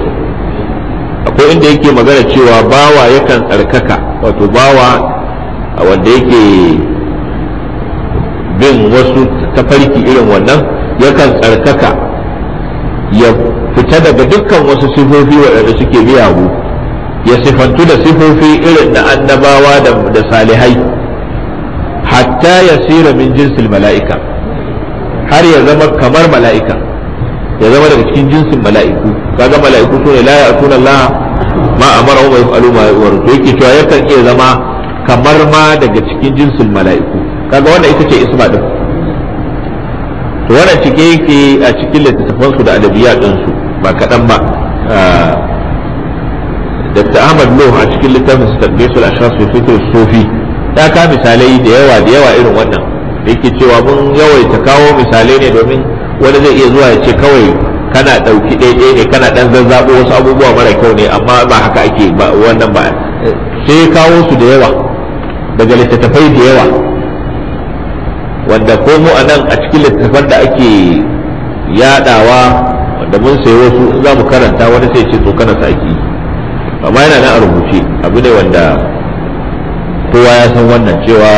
akwai inda yake magana cewa bawa yakan tsarkaka wato bawa wanda yake bin wasu tafarki irin wannan yakan tsarkaka ya fita daga dukkan wasu sifofi waɗanda suke mu ya sifantu da sifofi irin na annabawa da salihai hatta ya sira min jinsil mala'ika har ya zama kamar mala'ika ya zama daga cikin jinsin mala'iku kaga mala'iku su ne la ya'tuna Allah ma amara wa yaf'alu ma yu'maru to yake cewa yakan iya zama kamar ma daga cikin jinsin mala'iku kaga wanda ita ce isma din wannan cike yake a cikin littattafan su da adabiya din su ba kaɗan ba ah, Dr. Ahmad Nuh a cikin littafin su tarbiyatu al-ashkhas fi fikr sufi ta ka misalai da yawa da yawa irin wannan yake cewa mun yawaita kawo misalai ne domin wani zai iya zuwa ya ce kawai kana ɗauki ɗaiɗai ne kana ɗan zazzabo wasu abubuwa mara kyau ne amma ba haka ake wannan ba eh, sai kawo su da yawa daga littattafai da yawa wanda ko mu a nan a cikin littattafan da ake yadawa wanda mun sayi wasu za mu karanta wani sai ce to kana saki amma yana na rubuce abu ne wanda kowa ya san wannan cewa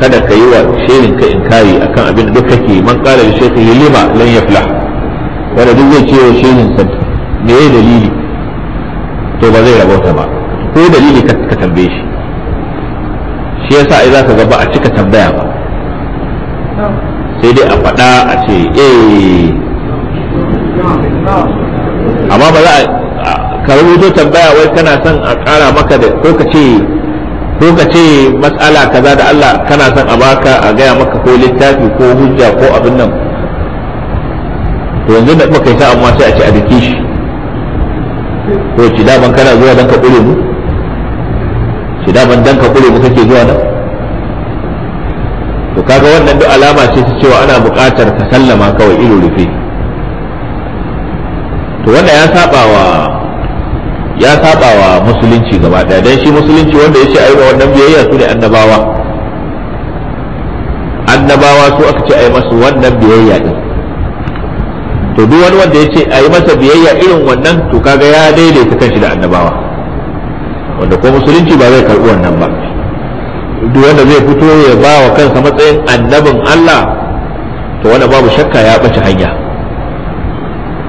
kada ka yi wa shehin ka in inkari akan abin da duk kake man kala da shehin yulima lan yaflah wanda duk zai ce wa shehin sa me ya dalili to ba zai rabota ba ko dalili ka tambaye shi shi yasa ai za ka ga ba a cika tambaya ba sai dai a faɗa a ce eh amma ba za a ka to tambaya wai kana son a ƙara maka da ko ka ce ko ka ce matsala kaza da Allah kana son a baka a gaya maka ko littafi ko hujja ko abin nan to yanzu da muka kai sa'a amma sai a ce a dake shi ko ci daban kana zuwa dan ka kure mu ci daban dan ka kure mu kake zuwa nan kaga wannan duk alama ce ta cewa ana buƙatar ka sallama kawai ido rufe to wanda ya saba wa ya saba wa musulunci gaba ɗaya dan shi musulunci wanda ya ce ayi wa wannan biyayya su ne annabawa annabawa su aka ce ayi masu wannan biyayya din to duk wani wanda ya ce ayi masa biyayya irin wannan to kaga ya daidaita kanshi da annabawa wanda ko musulunci ba zai karɓi wannan ba duk wanda zai fito ya ba wa kansa matsayin annabin Allah to wanda babu shakka ya ɓace hanya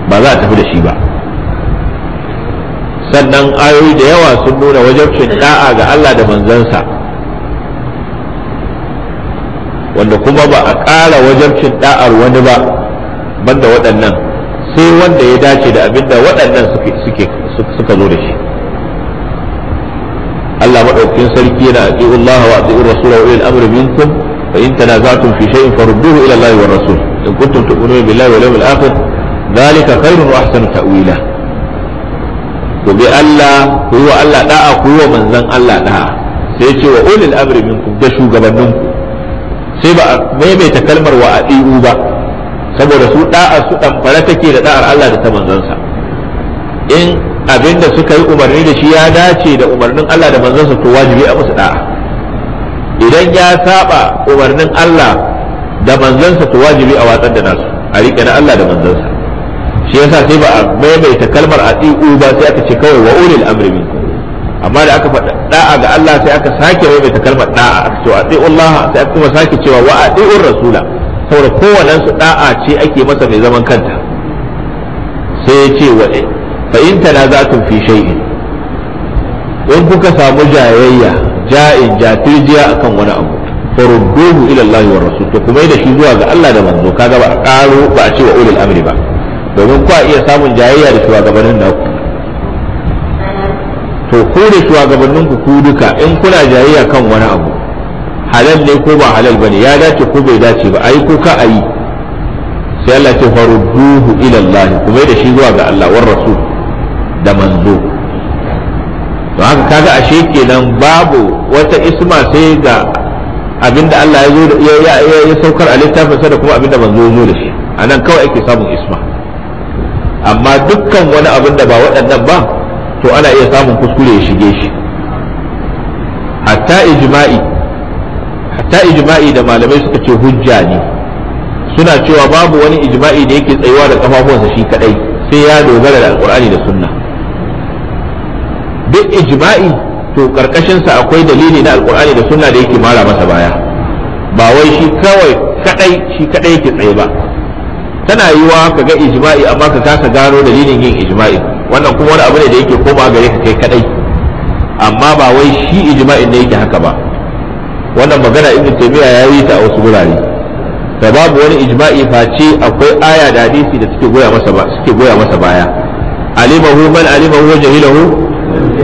ba za a tafi da shi ba sannan ayoyi da yawa sun nuna wajabcin da'a ga Allah da manzansa wanda kuma ba a ƙara cin da'ar wani ba banda waɗannan sai wanda ya dace da abin da waɗannan suka zo da shi madaukakin sarki yana ati'u Allah wa ati'u Rasul wa ulil amri minkum fa in tanaza'tum fi shay'in farudduhu ila Allah wa Rasul in kuntum tu'minuna billahi wal yawmil akhir Dalika khairun wa ahsanu ta'wila ku bi Allah ku yi wa Allah da'a ku yi wa manzon Allah da'a sai ce wa ulil amri minkum da shugabanninku sai ba a maimaita kalmar wa ati'u ba saboda su da'a su dan fara take da da'ar Allah da ta manzansa in abinda suka yi umarni da shi ya dace da umarnin Allah da manzansa to wajibi a musu da'a idan ya saba umarnin Allah da sa to wajibi a watsar da nasu a riƙe na Allah da sa shi yasa sai ba a maimaita kalmar a ati'u ba sai aka ce kawai wa ulil amri amma da aka faɗa da'a ga Allah sai aka sake maimaita kalmar da'a a ce ati'u Allah sai aka kuma sake cewa wa ati'ur rasula saboda kowannen su da'a ce ake masa mai zaman kanta sai ya ce wa fa in tanaza'tum fi shaidi. in kuka samu jayayya ja'in jafirjiya akan wani abu farudduhu ila Allah wa to kuma da shi zuwa ga Allah da manzo kaga ba a amri ba domin ku iya samun jayayya da shugabannin naku to ku da shugabannin ku duka in kuna jayayya kan wani abu halal ne ko ba halal bane ya dace ko bai dace ba ai ko ka ayi sai Allah ya ce farudduhu ila Allah kuma da shi zuwa ga Allah war rasul da manzo to haka kaga ashe kenan babu wata isma sai ga abinda Allah ya zo da ya saukar a littafin sa da kuma abinda manzo ya zo da shi anan kawai ake samun isma amma dukkan wani abin da ba waɗannan ba to ana iya samun kuskure ya shige shi hatta ijma'i hatta ijma'i da malamai suka ce hujja ne suna cewa babu wani ijma'i da yake tsayuwa da kafafuwansa shi kadai sai ya dogara da alkur'ani da sunna duk ijma'i to karkashin sa akwai dalili na alqur'ani da sunna da yake mara masa baya ba wai shi kawai kadai shi kadai yake tsaye ba tana yiwa ka ga ijma'i amma ka kasa gano dalilin yin ijma'i wannan kuma wani abu ne da yake koma gare ka kai kadai amma ba wai shi ijma'in ne yake haka ba wannan magana ibnu taymiya ya yi ta a wasu gurare da babu wani ijma'i face akwai aya da hadisi da suke goya masa ba suke goya masa baya alimahu man alimahu wa jahilahu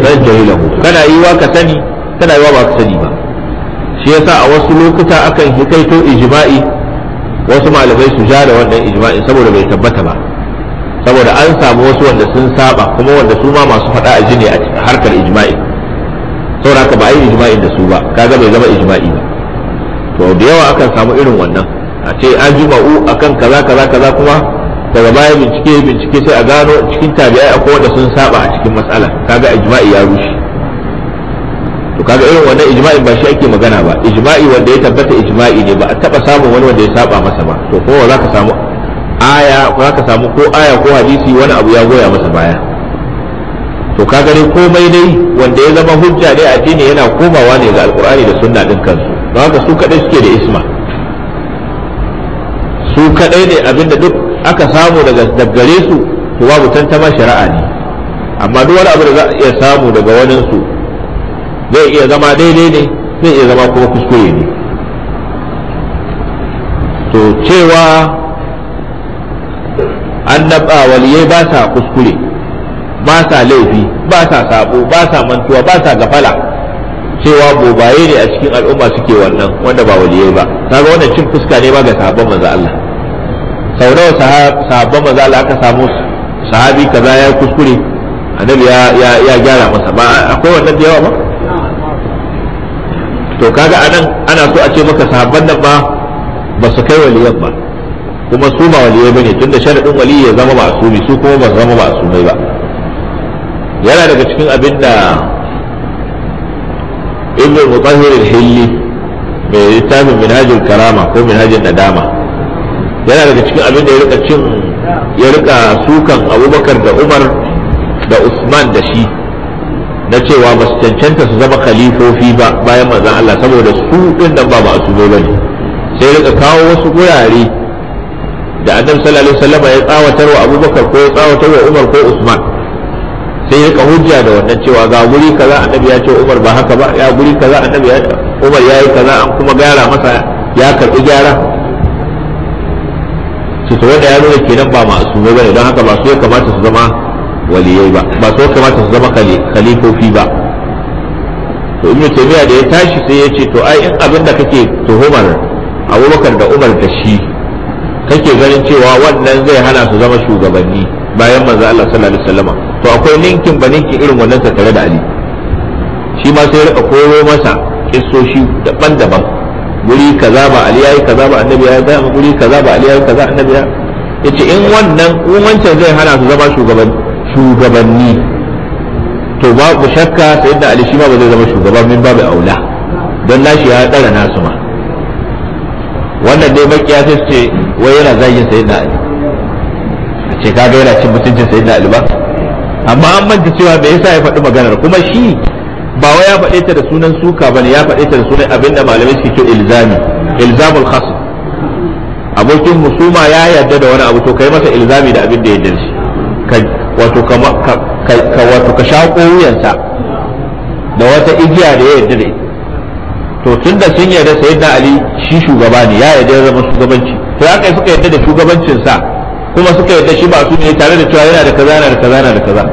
jahilahu kana ka sani kana yiwa ba ka sani ba shi yasa a wasu lokuta akan hikaito ijma'i wasu malamai su ja da wannan ijma'i saboda bai tabbata ba saboda an samu wasu wanda sun saba kuma wanda su ma masu faɗa a jini a harkar ijma'i saboda ka ba a yi ijma'in da su ba kaga bai zama ijma'i ba to da yawa akan samu irin wannan a ce an jima'u akan kaza kaza kaza kuma daga baya bincike bincike sai a gano cikin tabi'ai akwai wanda sun saba a cikin matsala kaga ijma'i ya rushe to kaga irin wannan ijma'i ba shi ake magana ba ijma'i wanda ya tabbata ijma'i ne ba a taba samun wani wanda ya saba masa ba to ko za ka samu aya za ka samu ko aya ko hadisi wani abu ya goya masa baya to ka dai komai dai wanda ya zama hujja dai addini yana komawa ne ga alkur'ani da sunna din kansu don haka su kadai suke da isma su kadai ne abinda duk aka samu daga daggare su to babu tantama shari'a ne amma duk wani abu da za a iya samu daga wani su zai iya zama daidai ne zai iya zama kuma kuskure ne to cewa annaba waliyai ba sa kuskure ba sa laifi ba sa sabo ba sa mantuwa ba sa gafala cewa gobaye ne a cikin al'umma suke wannan wanda ba waliyai ba kaga wannan cin fuska ne ba ga sabon manzo Allah sau nawa sahabban maza Allah aka samu sahabi kaza ya kuskure annabi ya ya gyara masa ba akwai wannan da yawa ba to kaga anan ana so a ce maka sahabban nan ba ba su kai waliyan ba kuma su ba waliyai bane tunda sharadin wali ya zama ba su kuma ba su zama ba ma'asumai ba yana daga cikin abin da ibn mutahhir al-hilli mai littafin minhajul karama ko minhajul nadama yana daga cikin abin da ya rika cin ya rika sukan abubakar da umar da usman da shi na cewa ba su cancanta su zama khalifofi ba bayan manzon Allah saboda su ɗin nan ba ba su zo bane sai rika kawo wasu gurare da annabi sallallahu alaihi wasallam ya tsawatar wa abubakar ko ya tsawatar wa umar ko usman sai ya rika hujja da wannan cewa ga guri kaza annabi ya ce umar ba haka ba ya guri kaza annabi ya umar ya yi kaza an kuma gyara masa ya karbi gyara ce to wanda ya nuna kenan ba ma'asumai bane don haka ba su ya kamata su zama waliyai ba ba su ya kamata su zama kalifofi ba to in ibnu taymiya da ya tashi sai ya ce to ai in abin da kake tuhumar abubakar da umar da shi kake ganin cewa wannan zai hana su zama shugabanni bayan manzo Allah sallallahu alaihi wasallam to akwai linkin ba ninkin irin wannan tare da Ali shi ma sai ya rika koyo masa kissoshi daban-daban guri kaza ba ali yayi kaza ba annabi yayi ba guri kaza ba ali yayi kaza annabi ya yace in wannan umancin zai hana su zama shugaban shugabanni to ba ku shakka da ali shi ma ba zai zama shugaban min babu aula don nashi ya tsara nasu ma wannan dai bakiya sai su ce wai yana zagin sayyidina ali a ce ka ga yana cin mutuncin sayyidina ali ba amma an manta cewa me yasa ya faɗi maganar kuma shi ba wai ya faɗe ta da sunan suka bane ya faɗe ta da sunan abinda malamai suke ce ilzami ilzamul khas abokin musuma ya yarda da wani abu to kai masa ilzami da abin da ya dace ka wato ka wato ka shako wuyansa da wata igiya da ya yarda da ita to tun da sun yarda sayyidina ali shi shugaba ne ya yarda ya zama shugabanci to kai suka yarda da shugabancin sa kuma suka yarda shi ba su ne tare da cewa yana da kaza yana da kaza yana da kaza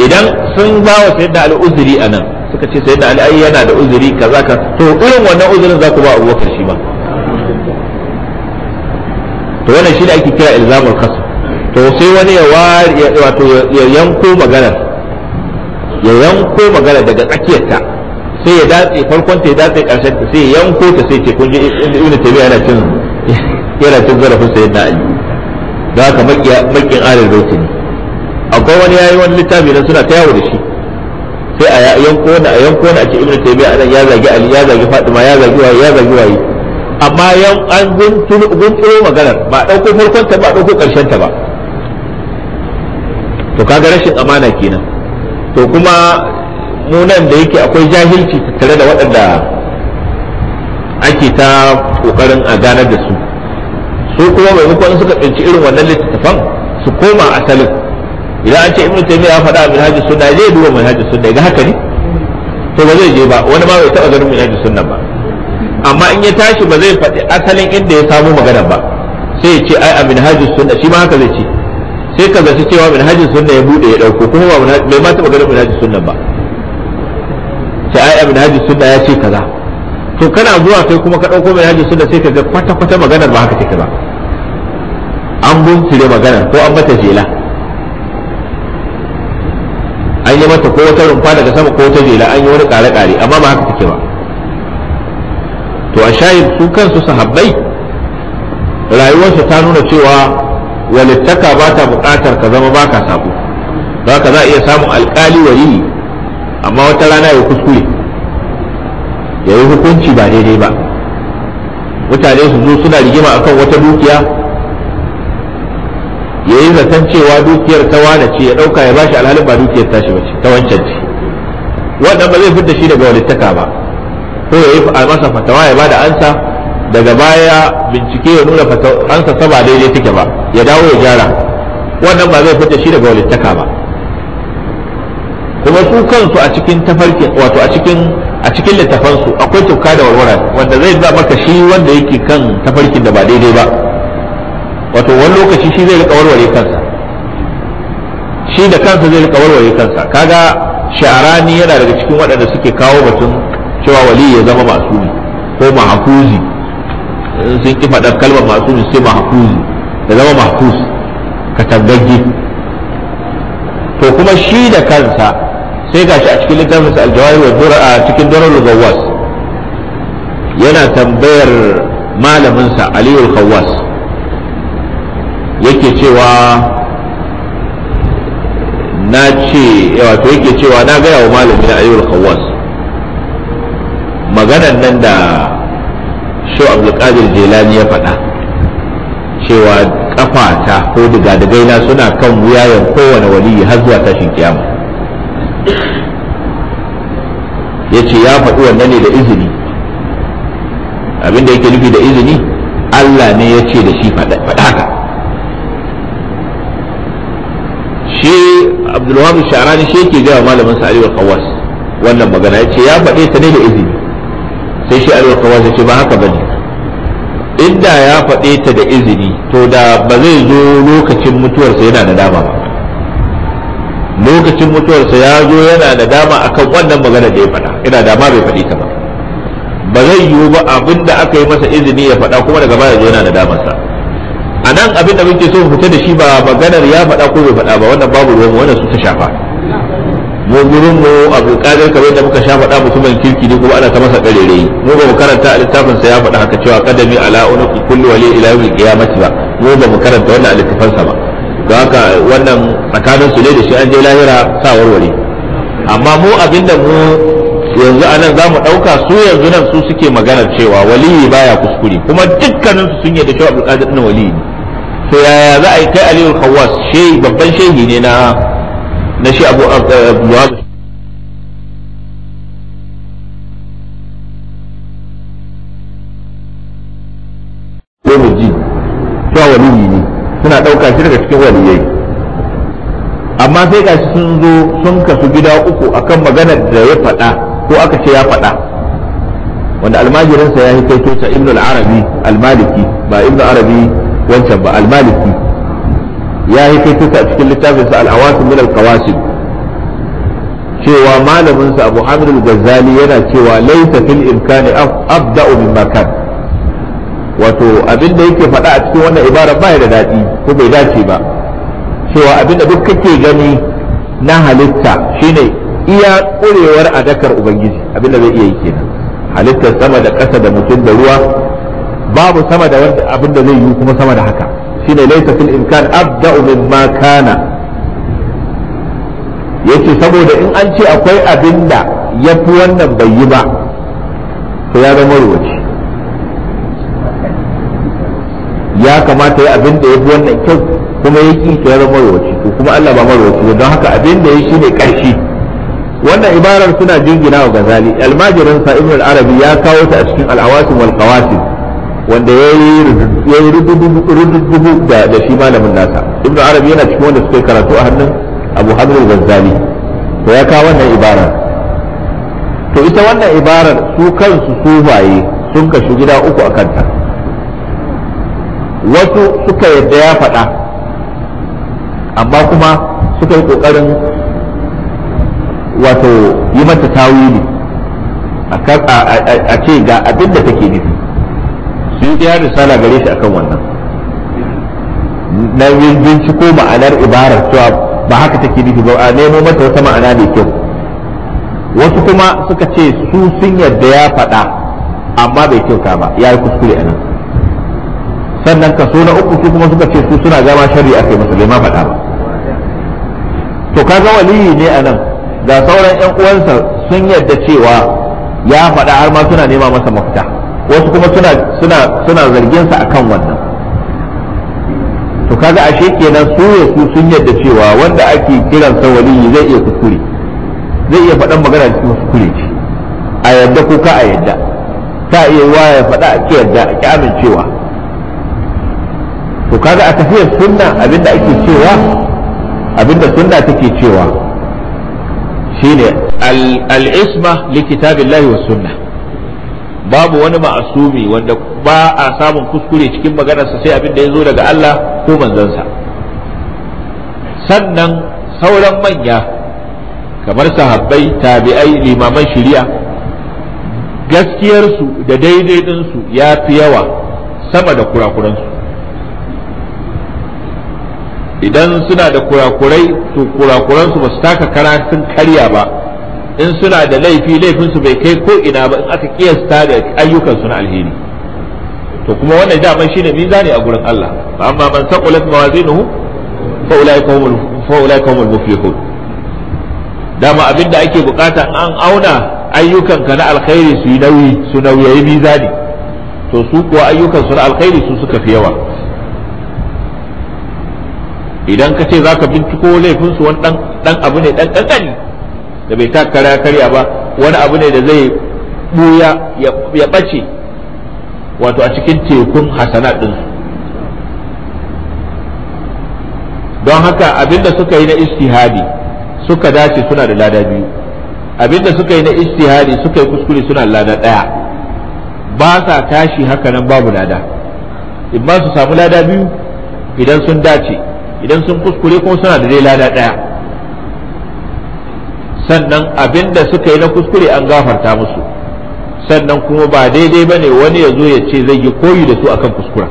idan sun ba wa sayyidina ali uzuri anan suka ce sai da ali yana da uzuri kaza ka to irin wannan uzurin za ku ba abubakar shi ba to wannan shi da ake kira ilzamul qasr to sai wani ya wato ya yanko magana ya yanko magana daga tsakiyarta sai ya datse farkon ta ya datse karshen ta sai ya yanko ta sai ce kun ji ibnu tabi yana cin yana cin zarafin da ali da haka makin alil baiti ne akwai wani yayi wani littafi na suna ta yawo da shi sai a yanko na a yanko na a ce ibnu taymiya anan ya zagi ali ya zagi fatima ya zagi waye ya zagi waye amma yan an guntun guntun maganar ba dauko farkon ta ba dauko karshen ta ba to kaga rashin amana kenan to kuma mu nan da yake akwai jahilci tattare da waɗanda ake ta kokarin a ganar da su su kuma maimakon suka tsinci irin wannan littattafan su koma asalin idan an ce ibnu taymiya ya faɗa manhajus sunna zai duba min manhajus sunna ga haka ne to ba zai je ba wani ma bai taɓa ganin min manhajus sunna ba amma in ya tashi ba zai faɗi asalin inda ya samu magana ba sai ya ce ai a manhajus sunna shi ma haka zai ce sai ka zaci cewa manhajus sunna ya bude ya dauko kuma ba bai ma taɓa ganin manhajus sunna ba sai ai a manhajus sunna ya ce kaza to kana zuwa kai kuma ka dauko manhajus sunna sai ka ga kwata kwata maganar ba haka take ba an bunsire maganar ko an bata jela ko wata rumfa daga sama ko wata jela an yi wani kare-kare amma ba haka take ba to a shayin su kansu sahabbai rayuwarsu ta nuna cewa walittaka ba ta buƙatar ka zama ba ka sabu ba ka za a iya samun alƙali yi amma wata rana ya kuskure ya yi hukunci ba daidai ba mutane su zo suna rigima akan wata dukiya yayi zaton cewa dukiyar ta wane ce ya dauka ya bashi alhalin ba dukiyar tashi ce ta wancan ce wannan ba zai fitta shi daga walittaka ba ko yayi masa fatawa ya bada ansa daga baya bincike ya nuna ansa ta ba daidai take ba ya dawo ya gyara wannan ba zai fitta shi daga walittaka ba kuma su kansu a cikin tafarki wato a cikin a cikin littafansu akwai tuka da warwara wanda zai ba maka shi wanda yake kan tafarkin da ba daidai ba wato wani lokaci shi zai rika warware kansa shi da kansa zai rika warware kansa kaga sharani yana daga cikin waɗanda suke kawo batun cewa wali ya zama masumi ko mahakuzi sun ki faɗar kalmar ne sai mahakuzi ya zama Mahakuzi, ka katangagge to kuma shi da kansa sai gashi a cikin littafin sa aljawari wa dora a cikin durar lugawas yana tambayar malamin sa aliyul khawwas yake cewa na ce wato yake cewa na gaya wa malami na ayyul khawwas maganar nan da shu abdulkadir jelani ya faɗa cewa kafata ko gaina suna kan wuyayen kowane waliyi har zuwa tashin kiyama ya ce ya faɗi wannan ne da izini abinda yake nufi da izini Allah ne ya ce da shi faɗaka. abdulwahab sha'rani shi yake gaya malamin sa aliyu qawas wannan magana yace ya faɗe ta ne da izini sai shi aliyu qawas yace ba haka bane inda ya faɗe ta da izini to da ba zai zo lokacin mutuwarsa yana da dama ba lokacin mutuwarsa ya zo yana da dama akan wannan magana da ya faɗa ina dama bai faɗi ta ba ba zai yiwu ba abinda aka yi masa izini ya faɗa kuma daga baya zo yana da damarsa nan abin da muke so fita da shi ba maganar ya faɗa ko bai faɗa ba wannan babu ruwan wannan su ta shafa mu gurin mu abu kadir kamar da muka sha faɗa mutumin kirki ne kuma ana ta masa karere mu ba mu karanta a littafin sa ya faɗa haka cewa qadami ala unuqi kullu wali ila yawmil qiyamati ba mu ba mu karanta wannan a littafin sa ba don haka wannan tsakanin su ne da shi an je lahira sa warware amma mu abinda mu yanzu anan za mu ɗauka su yanzu nan su suke maganar cewa waliyi baya kuskure kuma dukkaninsu sun yi da cewa abdulkadir ɗin waliyi ne sai ya za a yi kai aliyu hawas shehi babban shehi ne na na shi abu abu waliyi ne suna ɗauka shi daga cikin waliyai amma sai gashi sun zo sun kasu gida uku akan maganar da ya faɗa ko aka ce ya faɗa wanda almajirinsa ya hikaito ta ibn al-arabi al-maliki ba ibn arabi wancan ba al ya yi kai tuka cikin littafin sa al-awasim min al cewa malaminsa, Abu Hamid al yana cewa laysa fil imkani abda'u min makan wato abin da yake faɗa a cikin wannan ibara ba da daɗi ko bai dace ba cewa abin da duk kake gani na halitta shine iya ƙurewar adakar ubangiji abin da zai iya yi kenan halittar sama da ƙasa da mutum da ruwa babu sama da wanda abin da zai yi kuma sama da haka shine laysa fil imkan abda'u ma kana yace saboda in an ce akwai abin da yafi wannan bai yi ba to ya zama ruwaci ya kamata ya abin da ya fi wannan kyau kuma ya ƙi ya zama marwaci to kuma Allah ba marwaci ba don haka abin da ya shi ne ƙarshi wannan ibarar suna jingina wa gazali almajirin sa ibn al-arabi ya kawo ta a cikin al-awasim wal qawasim wanda ya yi rudududu da shi malamin nasa Ibn arabi yana cikin wanda suka karatu a hannun abu hamdul gazzali to ya kawo wannan ibara to ita wannan ibarar su kansu sufaye sun kashi gida uku a kanta wasu suka yadda ya faɗa amma kuma suka yi ƙoƙarin wato yi mata tawili a ce ga abinda da take nufi sun ya risala gare shi akan wannan na binciko ma'anar ibarar cewa ba haka take nufi ba a nemo mata wata ma'ana mai kyau wasu kuma suka ce su sun yadda ya faɗa amma bai kyauta ba ya yi kuskure a nan sannan kaso na uku su kuma suka ce su suna gama shari'a kai masa ma faɗa ba to ga waliyi ne a nan ga sauran 'yan uwansa sun yadda cewa ya faɗa har ma suna nema masa mafita wasu kuma suna suna suna zargin sa akan wannan to kaga ashe kenan su ya su sun yadda cewa wanda ake kiran sa waliyi zai iya kuskure zai iya faɗan magana cikin kuskure ce a yadda ko ka a yadda ta iya wa ya faɗa a yadda a ki amincewa to kaga a tafiyar sunna abinda ake cewa abinda sunna take cewa shine al-isma li kitabillahi was sunnah babu wani ma'asumi wanda ba a samun kuskure cikin maganarsa sai abin da ya zo daga Allah ko manzansa sannan sauran manya kamar sahabbai tabi'ai limaman shari'a gaskiyarsu da daidaitinsu ya fi yawa sama da kurakuransu idan suna da kurakurai to kurakuransu ba su taka karatun karya ba in suna da laifi laifin su bai kai ko ina ba in aka kiyasta da ayyukan su na alheri to kuma wannan daman shine mizani a gurin Allah amma man saqulat mawazinuhu fa ulaika humul fa ulaika humul muflihun dama abinda ake bukata an auna ayyukan ka na alkhairi su yi nauyi su nauyayi mizani to su kuwa ayyukan su na alkhairi su suka fi yawa idan ka ce zaka binciko laifin su wani dan abu ne dan kankani da bai ta karya ba wani abu ne da zai buya ya bace wato a cikin tekun hasana din don haka abinda suka yi na istihadi suka dace suna da lada biyu abinda suka yi na istihadi suka yi kuskure suna da lada daya ba sa tashi haka nan babu lada in ba su samu lada biyu idan sun dace idan sun kuskure kuma suna da dai lada daya sannan abinda suka yi na kuskure an gafarta musu sannan kuma ba daidai ba ne wani yazo zo ya ce zai yi koyi da su akan kuskura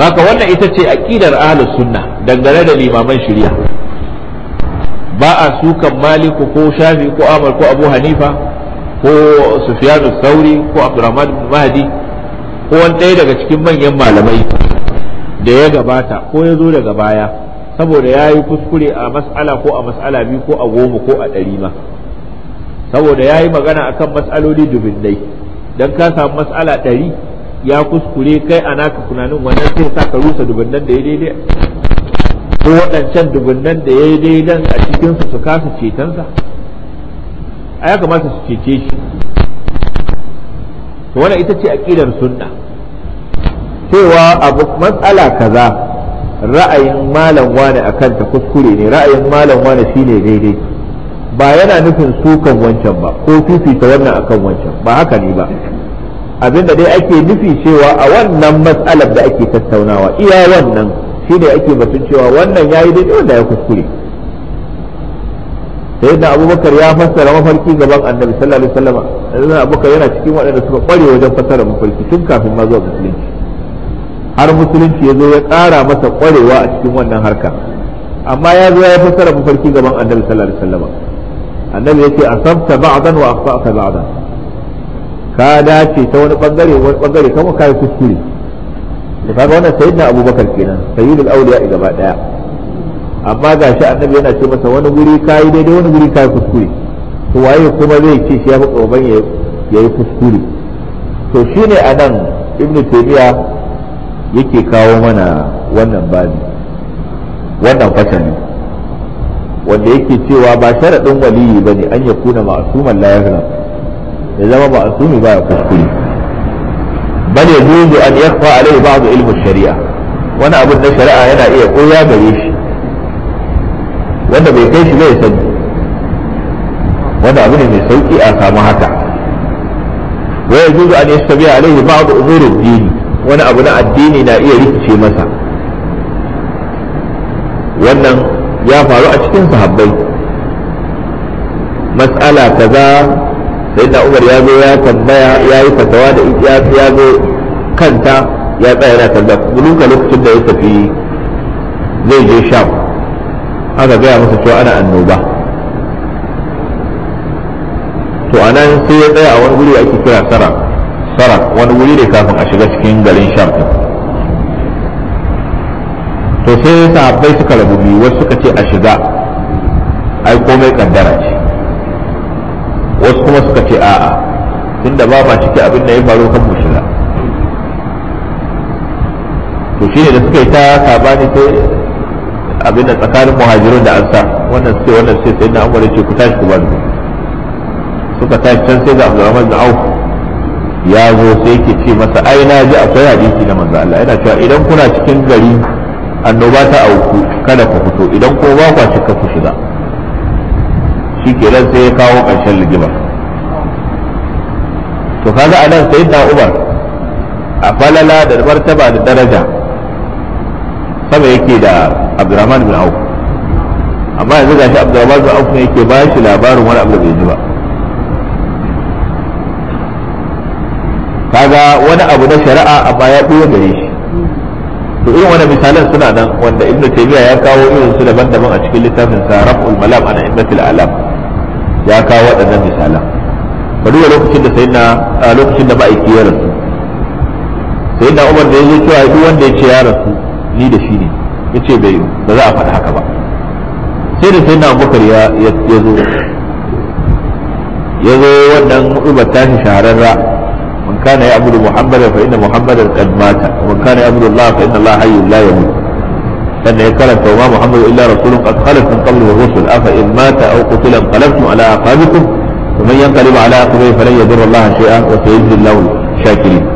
haka wannan ita ce aƙidar ahlus sunna dangane da limaman shirya ba a sukan maliku ko shafi ko amal ko abu hanifa ko sufyanu sauri ko abdurrahman mahdi ko wani ɗaya daga cikin manyan malamai da ya gabata ko ya zo daga baya saboda ya yi kuskure a mas'ala ko a mas'ala biyu ko a goma ko a ɗari ma saboda ya yi magana a kan mas'aloli dubinnai don ka samu mas'ala ɗari ya kuskure kai a naka tunanin wannan sai sa ka rusa dubinnan da ya daidai ko waɗancan dubinnan da ya daidan a cikinsu su kasa cetonsa a ya kamata su cece shi to wannan ita ce aƙidar sunna cewa abu matsala kaza ra'ayin malam wani a kanta kuskure ne ra'ayin malam wani shine daidai ba yana nufin sukan wancan ba ko fifita wannan akan wancan ba haka ne ba abinda dai ake nufi cewa a wannan matsalar da ake tattaunawa iya wannan shine ake batun cewa wannan yayi daidai wanda ya kuskure sai da abubakar ya fassara mafarki gaban annabi sallallahu alaihi wasallam abubakar yana cikin waɗanda suka ƙware wajen fassara mafarki tun kafin ma zuwa musulunci har musulunci ya zo ya ƙara masa ƙwarewa a cikin wannan harka amma ya zo ya fassara mafarki gaban annabi sallallahu alaihi wasallam annabi yake asabta ba'dan wa akhta'ta ba'dan ka dace ta wani bangare wani bangare kuma ka yi kuskure to kaga wannan sayyidina abubakar kenan sayyidul awliya gaba daya amma gashi annabi yana ce masa wani guri kai daidai wani guri kai kuskure to waye kuma zai ce shi ya fi ya yi kuskure to shine anan ibnu taymiya yake kawo mana wannan babi wannan fashani wanda yake cewa ba sharaɗin waliyi ba ne an ya kuna ma'asuman layar yahram ya zama ma'asumi ba ya kuskure bal yajuzu an kwa alai ba'd ilmin shari'a wani abin na shari'a yana iya koya gare shi wanda bai kai shi bai sani wanda abu ne mai sauki a samu haka wa yajuzu an alai ba ba'd umurin dini wani abu na addini na iya rikice masa wannan ya faru a cikin sahabbai matsala kaza sai da umar ya zo ya tambaya ya yi fatawa da ya ya zo kanta ya tsaya yana tambaya duka lokacin da ya tafi zai je sham aka gaya masa cewa ana annoba to anan sai ya tsaya a wani guri ake kira sara safara wani wuri ne kafin a shiga cikin garin sham to sai sahabbai suka rabu biyu wasu suka ce a shiga ai komai kaddara ce wasu kuma suka ce a'a tunda ba ma ciki abin da ya faru kan shiga to shine da suka yi ta sabani sai abin da tsakanin muhajirun da ansa wannan sai wannan sai sai na amurce ku tashi ku bani suka tashi can sai ga Abdulrahman da auku ya zo sai ke ce masa ai na ji akwai hadisi na manzo Allah yana cewa idan kuna cikin gari annoba ta auku kada ku fito idan ko ba ku cika ku shiga shi ke kenan sai ya kawo ƙarshen ligimar to kaga anan sai da Umar a falala da martaba da daraja sama yake da Abdurrahman bin Auf amma yanzu gashi Abdurrahman bin Auf ne yake ba shi labarin wani abu da bai ji ba ga wani abu na shari'a a baya ɗaya gare shi to irin wani misalan suna nan wanda ibnu taymiya ya kawo irin su daban-daban a cikin littafin sa raf'ul malam ana ibnatul alam ya kawo waɗannan misalan bari duba lokacin da sayyidina lokacin da ma'aiki ya rasu sayyidina umar da je cewa duk wanda ya ce ya rasu ni da shi ne yace bai ba za a faɗi haka ba sai da sayyidina abubakar ya ya zo ya zo wannan ubar tashi shahararra كان يعبد محمدا فإن محمدا قد مات ومن كان يعبد الله فإن الله حي لا يموت أن يكلم فما محمد إلا رسول قد خلت من قبله الرسل أفإن مات أو قتل انقلبتم على أعقابكم ومن ينقلب على عقبيه فلن يضر الله شيئا وسيجزي الله الشاكرين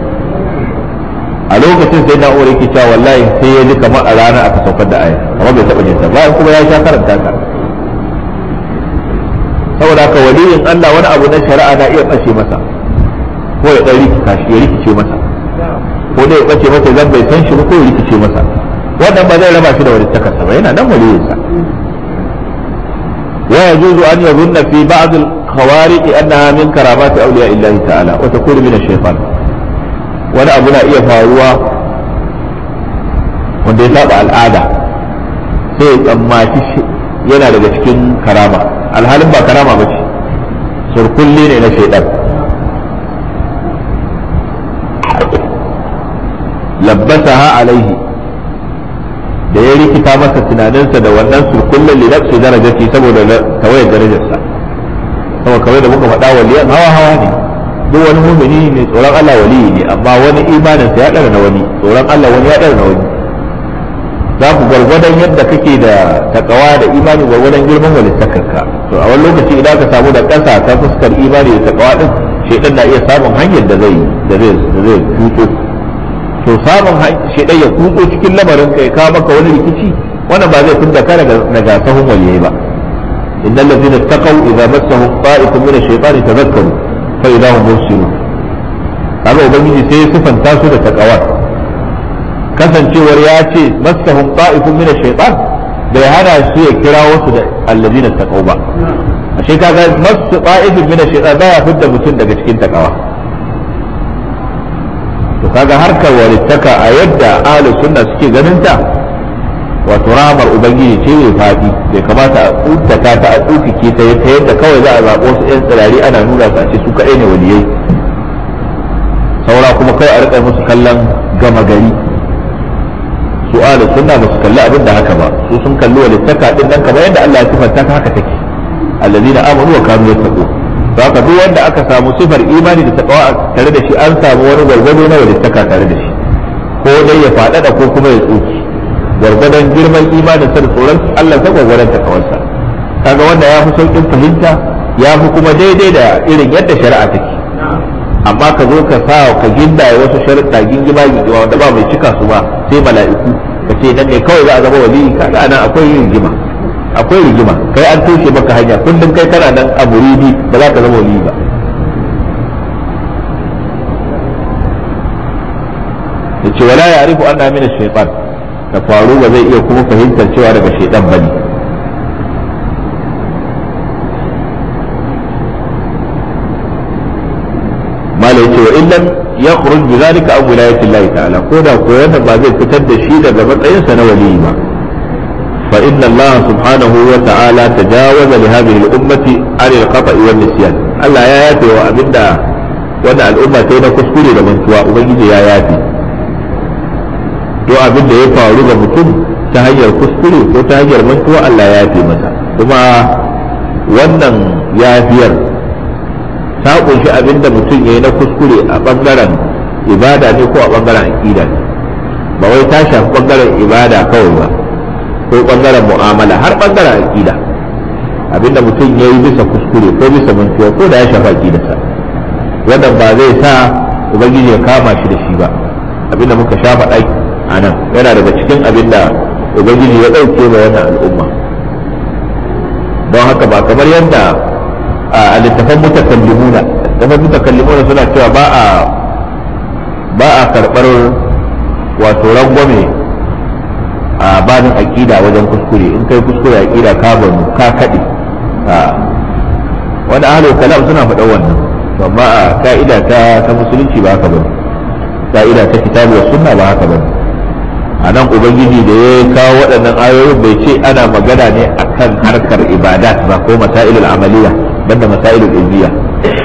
a lokacin sai na ore kita wallahi sai ya ji kamar a rana aka saukar da aya amma bai taɓa jinta bayan kuma ya sha karanta ta saboda haka waliyin Allah wani abu na shari'a na iya ɓace masa ko ya ɗan rikita shi ya rikice masa ko dai ya ɓace masa zan bai san shi ko ya rikice masa wannan ba zai raba shi da walittakarsa ba yana nan an waliyinsa ويجوز أن يظن في بعض الخوارق أنها من كرامات أولياء الله تعالى وتكون من Wani abu na iya faruwa wanda ya saba al'ada sai ya tsammaci yana daga cikin karama alhalin ba karama ba ce surkulli ne na shaidan labbasaha alaihi da ya rikita masa tunaninsa da wannan surkullan linafsi darajati saboda tawayar darajarsa saboda kawai da muka faɗa waliyan hawa hawa ne duk wani mumini ne tsoron Allah wali ne amma wani imaninsa ya ɗara na wani tsoron Allah wani ya ɗara na wani za ku gwargwadon yadda kake da takawa da imani gwargwadon girman walittakarka to a wani lokaci idan ka samu da ƙasa ta fuskar imani da takawa din shedan na iya samun hanyar da zai da zai da zai tuto to samun shaidan ya kutso cikin lamarin ka ya kawo maka wani rikici wannan ba zai fidda ka daga sahun waliyai ba innal ladzina taqaw idza massahum ta'ifun min ash-shaytani tadhakkaru fa idza hum mubsirun kaga ubangiji sai ya sifanta su da takawar kasancewar ya ce massahum ta'ifun min ash-shaytan bai hana su ya kira wasu da allazina taqaw ba ashe kaga masu ta'ifun min ash-shaytan ba ya fidda mutum daga cikin takawa to kaga harkar walittaka a yadda ahlus sunna suke ganin ta wato ramar ubangiji ce mai fadi bai kamata a tsuntaka ta a tsukike ta ta yadda kawai za a zaɓo su yan tsirari ana nuna su a ce su kaɗai ne waliyai saura kuma kai a riƙa musu kallon gama gari su ahlus sunna ba su kalli abin da haka ba su sun kalli walittaka ɗin nan kamar yadda Allah ya sifanta haka take alladhina amanu wa kanu yattaqun to haka duk wanda aka samu sifar imani da takawa tare da shi an samu wani gwargwado na walittaka tare da shi ko dai ya faɗaɗa ko kuma ya tsoki gwargwadon girman imanin sa da tsoron Allah sa gwargwadon takawarsa kaga wanda ya fi saukin fahimta ya fi kuma daidai da irin yadda shari'a take amma ka zo ka sa ka gindaya wasu sharuɗa gingima gingima wanda ba mai cika su ba sai mala'iku ka ce nan ne kawai za a zama wali kaga anan akwai yin gima. akwai rigima kai an toshe maka hanya kullum kai kana nan a muridi ba za ka zama wali ba cewa wala ya'rifu anna an ash-shaytan da faru ba zai iya kuma fahimtar cewa daga ba ne. mala yace wa ya kurun bi dhalika aw wilayati layi ta'ala ko da da ba zai fitar da shi daga matsayinsa na wali ba فإن الله سبحانه وتعالى تجاوز لهذه الأمة عن الخطأ والنسيان ألا ياتي وأبدا وأن الأمة yafe, كسكولي لمن ya faru يا ياتي ta يفعلوا kuskure تهجر ta وتهجر من Allah ألا ياتي masa. Kuma wannan yafiyar ta kunshi abin mutum ya yi na kuskure a ɓangaren ibada ne ko a ɓangaren aƙida ba wai ta shafi ɓangaren ibada kawai ba ko bangaren mu'amala har bangaren aqida abinda mutum ya yi bisa kuskure ko bisa mintuwa ko da ya shafa sa wannan ba zai sa ubangiji ya kama shi da shi ba abinda muka shafa ɗaki a nan yana daga cikin abinda ubangiji ya ɗauke ma wannan al'umma don haka ba kamar yadda a littafan mutakallimuna littafan mutakallimuna suna cewa ba a ba a karɓar wato rangwame a babin aƙida wajen kuskure in kai kuskure aƙida ka banu ka kaɗe wani ahalar kalam suna faɗa wannan to amma a ka'ida ta ta musulunci ba haka ba ka'ida ta kitabu wa sunna ba haka ba a nan ubangiji da ya kawo waɗannan ayoyin bai ce ana magana ne akan harkar ibadat ba ko masailul amaliya banda masailul ilmiya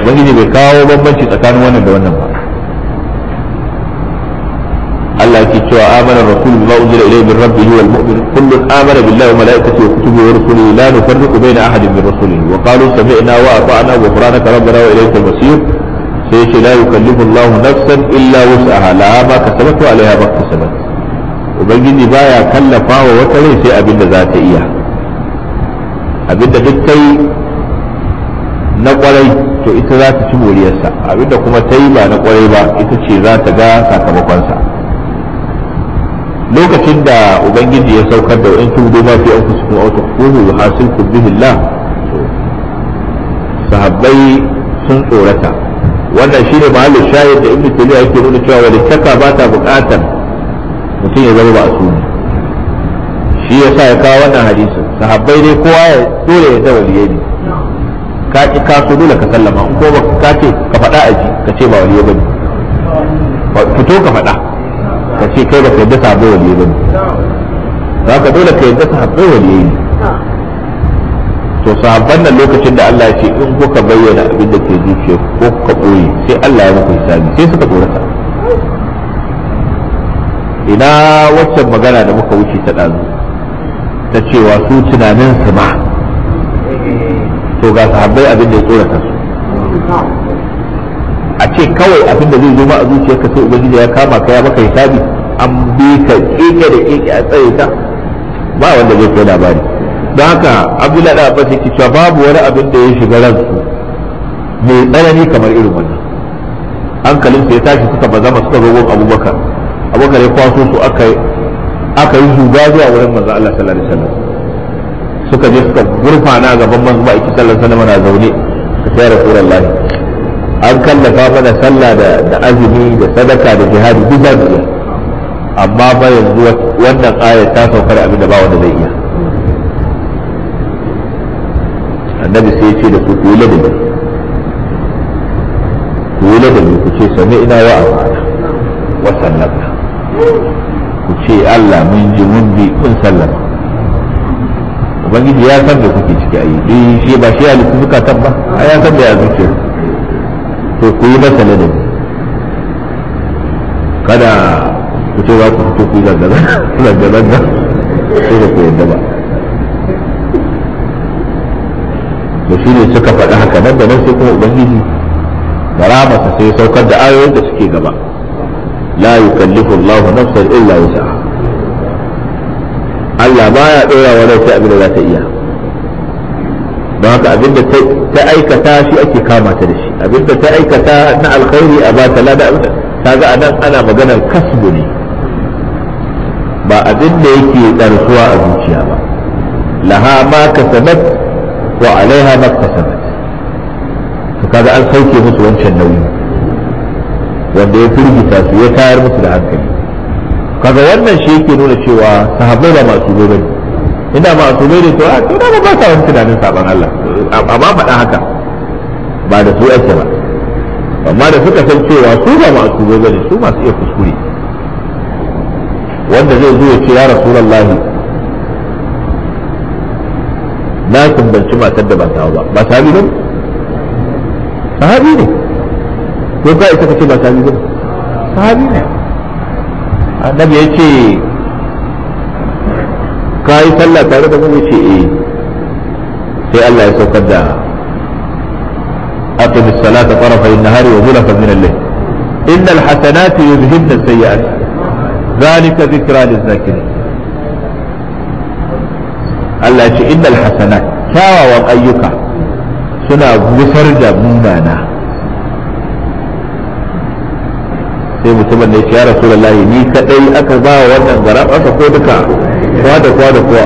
ubangiji bai kawo bambanci tsakanin wannan da wannan ba cewa amana rasul bima unzila ilayhi min rabbih wal mu'min kullun amana billahi wa malaikatihi wa kutubihi wa rusulihi la nufarriqu bayna ahadin min rusulihi wa qalu sami'na wa ata'na ghufranaka rabbana wa ilayka al-masir sai yace la yukallifu Allahu nafsan illa wus'aha laha ma kasabat wa alaiha baya kallafa wa wata rai sai abinda za ta iya abinda duk kai na kwarai to ita za ta ci moriyarsa abinda kuma ta yi ba na kwarai ba ita ce za ta ga sakamakonsa lokacin da ubangiji ya saukar da in kun goma fi auku su auku kuhu hasil ku bihillah sahabbai sun tsorata wannan shi ne mahallu shayar da ibnu tabi'a yake nuna cewa taka ba ta bukatar mutum ya zama ba su shi sa ya kawo wannan hadisin sahabbai ne kowa ya tsore ya zama waliyai ne ka ci ka dole ka sallama in ko ba ka ce ka faɗa aji ka ce ba waliyai ne. fito ka faɗa ce kai ba ka yadda sabo wa ba ne za ka dole ka yadda sahabbai waliyai ne to sabon nan lokacin da Allah ya ce in kuka bayyana abin da ke zuciya ko kuka ɓoye sai Allah ya muku hisabi sai suka tsorata ina waccan magana da muka wuce ta ɗazu ta cewa su tunanin su ma to ga sahabbai abin da ya tsorata su a ce kawai abin da zai zo ma a zuciyarka sai ubangiji ya kama ka ya maka hisabi an bi ka kike da kike a tsaye ta ba wanda zai kai labari don haka abdullahi da abbas yake cewa babu wani abin da ya shiga ransu mai tsanani kamar irin wannan hankalin sai ya tashi suka zama suka zo gun abubakar abubakar ya kwaso su aka aka yi zuba zuwa wurin manzo Allah sallallahu alaihi wasallam suka je suka gurfana gaban manzo ba iki sallallahu alaihi wasallam na zaune ka sai rasulullahi an kallafa mana sallah da azumi da sadaka da jihadi duk da amma ba yanzu wannan ayar ta saukar abin da ba wanda zai iya annabi sai ya ce da su kula da ku kula da ku ce sami ina wa amana wa sallama ku ce Allah mun ji mun bi mun sallama ubangiji ya san da kuke ciki ayi dai shi ba shi ya lutu zukatan ba a ya san da ya zuciya to ku yi masa ladabi kada ku za ku fito ku zanga-zanga sai da ku yadda ba to shi ne suka faɗi haka nan da nan sai kuma ubangiji karamata sai saukar da ayoyin da suke gaba la yukallifu Allahu nafsan illa wusaha Allah baya ɗora wa nan sai abin da za ta iya don haka abin da ta aikata shi ake kama ta da shi abin da ta aikata na alkhairi a ba ta lada ta ga anan ana maganar kasbu ne ba abin da yake ɗarsuwa a zuciya ba laha ma kasabat wa alaiha ma kasabat to kaga an sauke musu wancan nauyi wanda ya firgita su ya tayar musu da hankali kaga wannan shi yake nuna cewa sahabbai ba masu gobe ina masu gobe to a to ba sa wani tunanin saban Allah amma faɗa haka ba da su ake ba amma da suka san cewa su ba masu gobe su masu iya kuskure wanda zai zo ya ce ya rasulullah na kumbanci matar da ba ta ba ba sahabi ba sahabi ne ko ka ita ce ba sahabi ba sahabi ne annabi ya ce ka yi sallah tare da mu ce eh sai Allah ya saukar da أقم الصلاة طرفي النهار وزلفا من الليل إن الحسنات يذهبن السيئات zalika zikra lizakirin Allah ce innal hasanat kyawawan ayyuka suna gusar da munana sai mutumin da ya rasu da layi ni kadai aka ba wa wannan garan aka ko duka kwa da kwa da kwa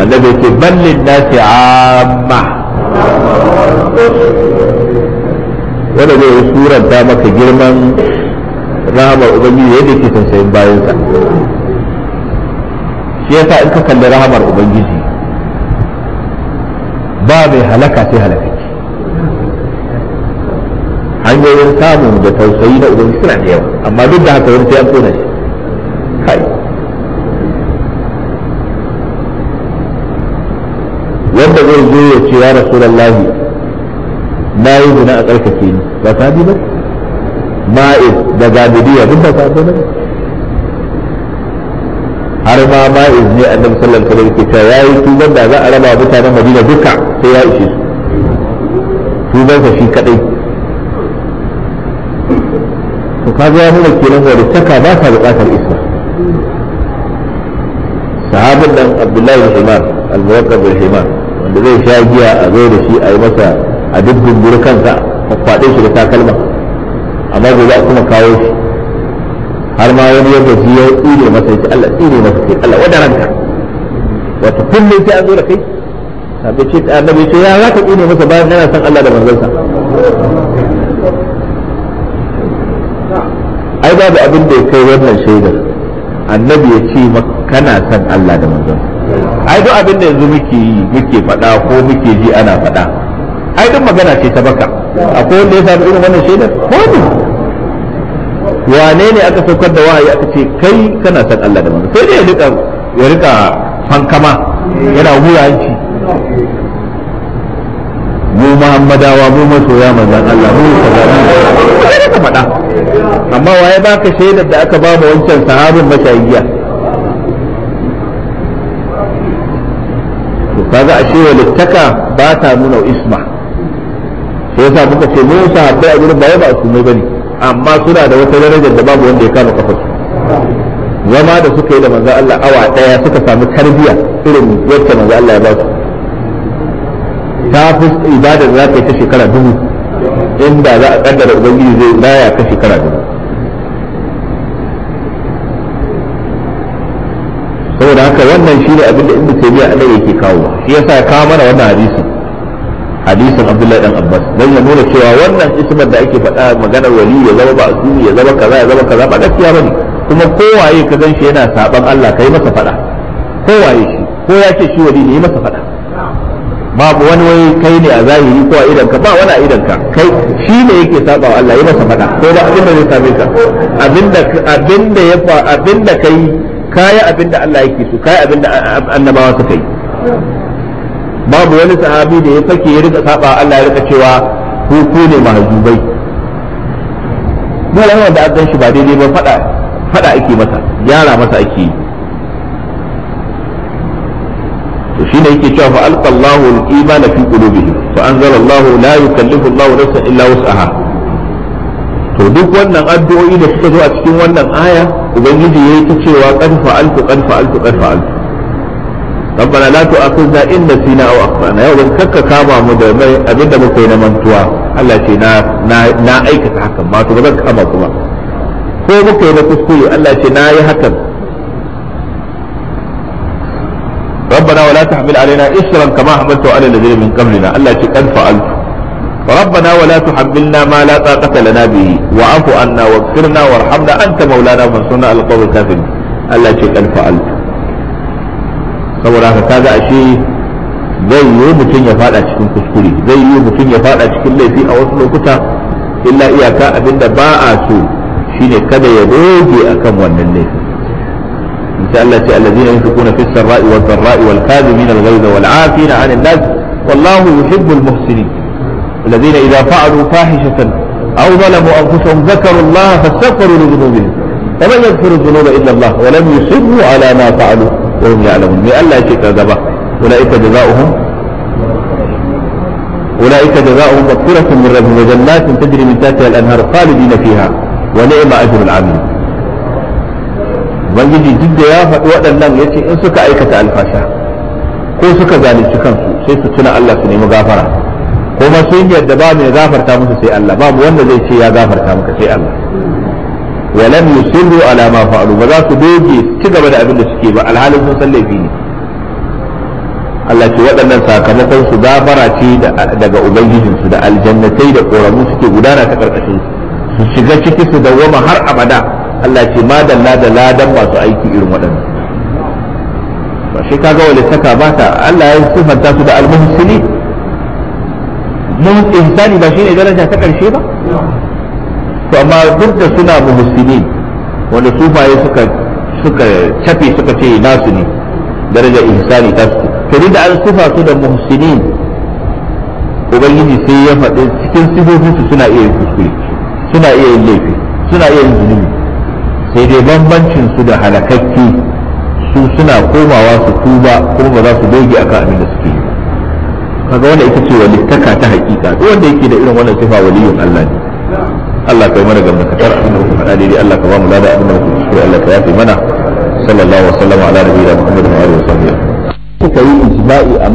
annabi ce ballin ce amma wanda zai suranta maka girman rahamar ubangiji yadda yake tausayin bayansa shi yasa in ka kalli rahamar ubangiji ba mai halaka sai halaka hanyoyin samun da tausayi na ubangiji suna da yawa amma duk da haka wani sai an tona shi kai wanda zai zo ya ce ya rasulullahi na yi zina a tsarkake ni ba ta ba ma'is da gamidiya duk ba sahabbai ne har ma ma'is ne annabi sallallahu alaihi wasallam ke cewa yayi tuban da za a raba mutanen Madina duka sai ya ishe su su sa shi kadai to kaga ya nuna kenan wani taka ba ta bukatar isma sahabin nan Abdullahi bin Himar al-Muwaqqab bin Himar wanda zai sha giya a zo da shi a yi masa a duk burkan kansa a kwade shi da takalma amma gobe a kuma kawo shi har ma wani yadda shi ya tsire masa ya ce Allah tsire masa ce Allah ranka. wata kullum sai an zo da kai sabi ce annabi ce ya za ka tsire masa bayan yana san Allah da manzansa ai babu abin da ya kai wannan shaidar annabi ya ce kana san Allah da manzansa ai duk abin da yanzu muke yi muke faɗa ko muke ji ana faɗa ai duk magana ce ta baka akwai wanda ya samu irin wannan shaidar ko ne wane ne aka saukar da wahayi aka ce kai kana san Allah da manzo sai dai ya rika ya rika fankama yana wuyanci mu Muhammadawa mu masoya manzon Allah mu kaza sai ka faɗa amma waye baka shaidar da aka ba mu wancan sahabin mashayiya to kaga ashe walittaka ba ta nuna isma sai yasa muka ce mu sahabbai a gurin ba ba su mai bane amma suna da wata darajar da babu wanda ya kama kafar zama da suka yi da manzo Allah awa daya suka samu tarbiya irin yadda manzo Allah ya ba su ta fi ibadar za ta yi ta shekara dubu inda za a kaddara ubangiji zai baya ta shekara dubu saboda haka wannan shi ne abinda inda tabiya Allah yake kawo shi yasa ya kawo mana wannan hadisi hadisin abdullahi dan abbas dan ya nuna cewa wannan ismar da ake faɗa maganar wali ya zama ba'asuni ya zama kaza ya zama kaza ba gaskiya bane kuma kowaye ka ganshi yana saban Allah kai masa faɗa kowaye shi ko ya ce shi wali ne yi masa faɗa babu wani wai kai ne a zahiri ko a idan ka ba wani a idan ka kai shi ne yake saba Allah yi masa faɗa ko da abin da zai same ka abinda abinda ya fa abinda kai kaya abinda Allah yake so kaya abinda annabawa suka yi babu wani sahabi da ya sake ya rika saba Allah ya rika cewa ku ku ne mahjubai dole wanda an shi ba daidai ba fada fada ake masa gyara masa ake yi to shine yake cewa fa alqallahu al-iman fi qulubihim fa Allahu la yukallifu Allahu nafsan illa wus'aha to duk wannan addu'o'i da suka zo a cikin wannan aya ubangiji yayi ta cewa qad fa'altu qad fa'altu qad fa'altu ربنا لا تؤاخذنا ان نسينا او اخطانا يا ولد كك كابا مدمر ابدا مكوين منتوى الله شينا نا ايك تحكم ما تبدا كابا كما هو مكوين تسكوي الله شينا يحكم ربنا ولا تحمل علينا اسرا كما حملت على الذين من قبلنا الله شي قد فعلت ربنا ولا تحملنا ما لا طاقة لنا به واعف عنا واغفرنا وارحمنا انت مولانا فانصرنا على القوم الكافرين الله شي قد فعلت saboda haka kaga ashe zai yi mutum ya fada cikin kuskure zai yi mutum ya fada cikin laifi a wasu lokuta illa iyaka abinda ba a so shine kada ya doge akan wannan laifin insha Allah ce allazina yunfiquna fis sarra'i wad dharra'i wal kadhimina al ghayza wal 'afina 'anil nas wallahu yuhibbul muhsinin الذين إذا فعلوا فاحشة أو ظلموا أنفسهم ذكروا الله فاستغفروا لذنوبهم فمن يغفر الذنوب إلا الله ولم يصروا على ما فعلوا wa hum ya'lamun me Allah yake kazaba ulaika jazaohum ulaika jazaohum maghfiratun min rabbihim wa jannatin tajri min tahtiha al-anhar khalidina fiha ubangiji duk da ya faɗi waɗannan yace in suka aikata alfasha ko suka zalunci kansu sai su tuna Allah su nemi gafara kuma sun yadda ba mai gafarta musu sai Allah babu wanda zai ce ya gafarta muka, sai Allah walam yusiru alama ma fa'alu ba za su doge ci gaba da abin da suke ba alhalin sun san laifi ne Allah ce waɗannan sakamakon su gafara ce daga ubangijinsu da aljannatai da ƙoramu suke gudana ta ƙarƙashin su shiga ciki su dawwama har abada Allah ce madalla da ladan masu aiki irin waɗannan ba shi kaga wale saka ba Allah ya su da mun ba daraja ta ƙarshe ba to amma duk da suna muhsinin wanda sufaye suka suka cafe suka ce nasu ne daraja ihsani ta su to da an sufa su da muhsinin ubangiji sai ya faɗi cikin sifofin su suna iya yin kuskure suna iya yin laifi suna iya yin zunubi sai dai bambancin su da halakakki su suna komawa su tuba kuma ba za su doge akan abin da suke yi kaga wanda ita ce walittaka ta hakika duk wanda yake da irin wannan sifa waliyun Allah ne Allah kai mana gamda katar abin da muka faɗa daidai Allah ka ba mu lada abin da muka kuskure Allah ka yafe mana sallallahu alaihi wa sallam ala nabiyina Muhammadin wa alihi wa sahbihi kuka yi ijma'i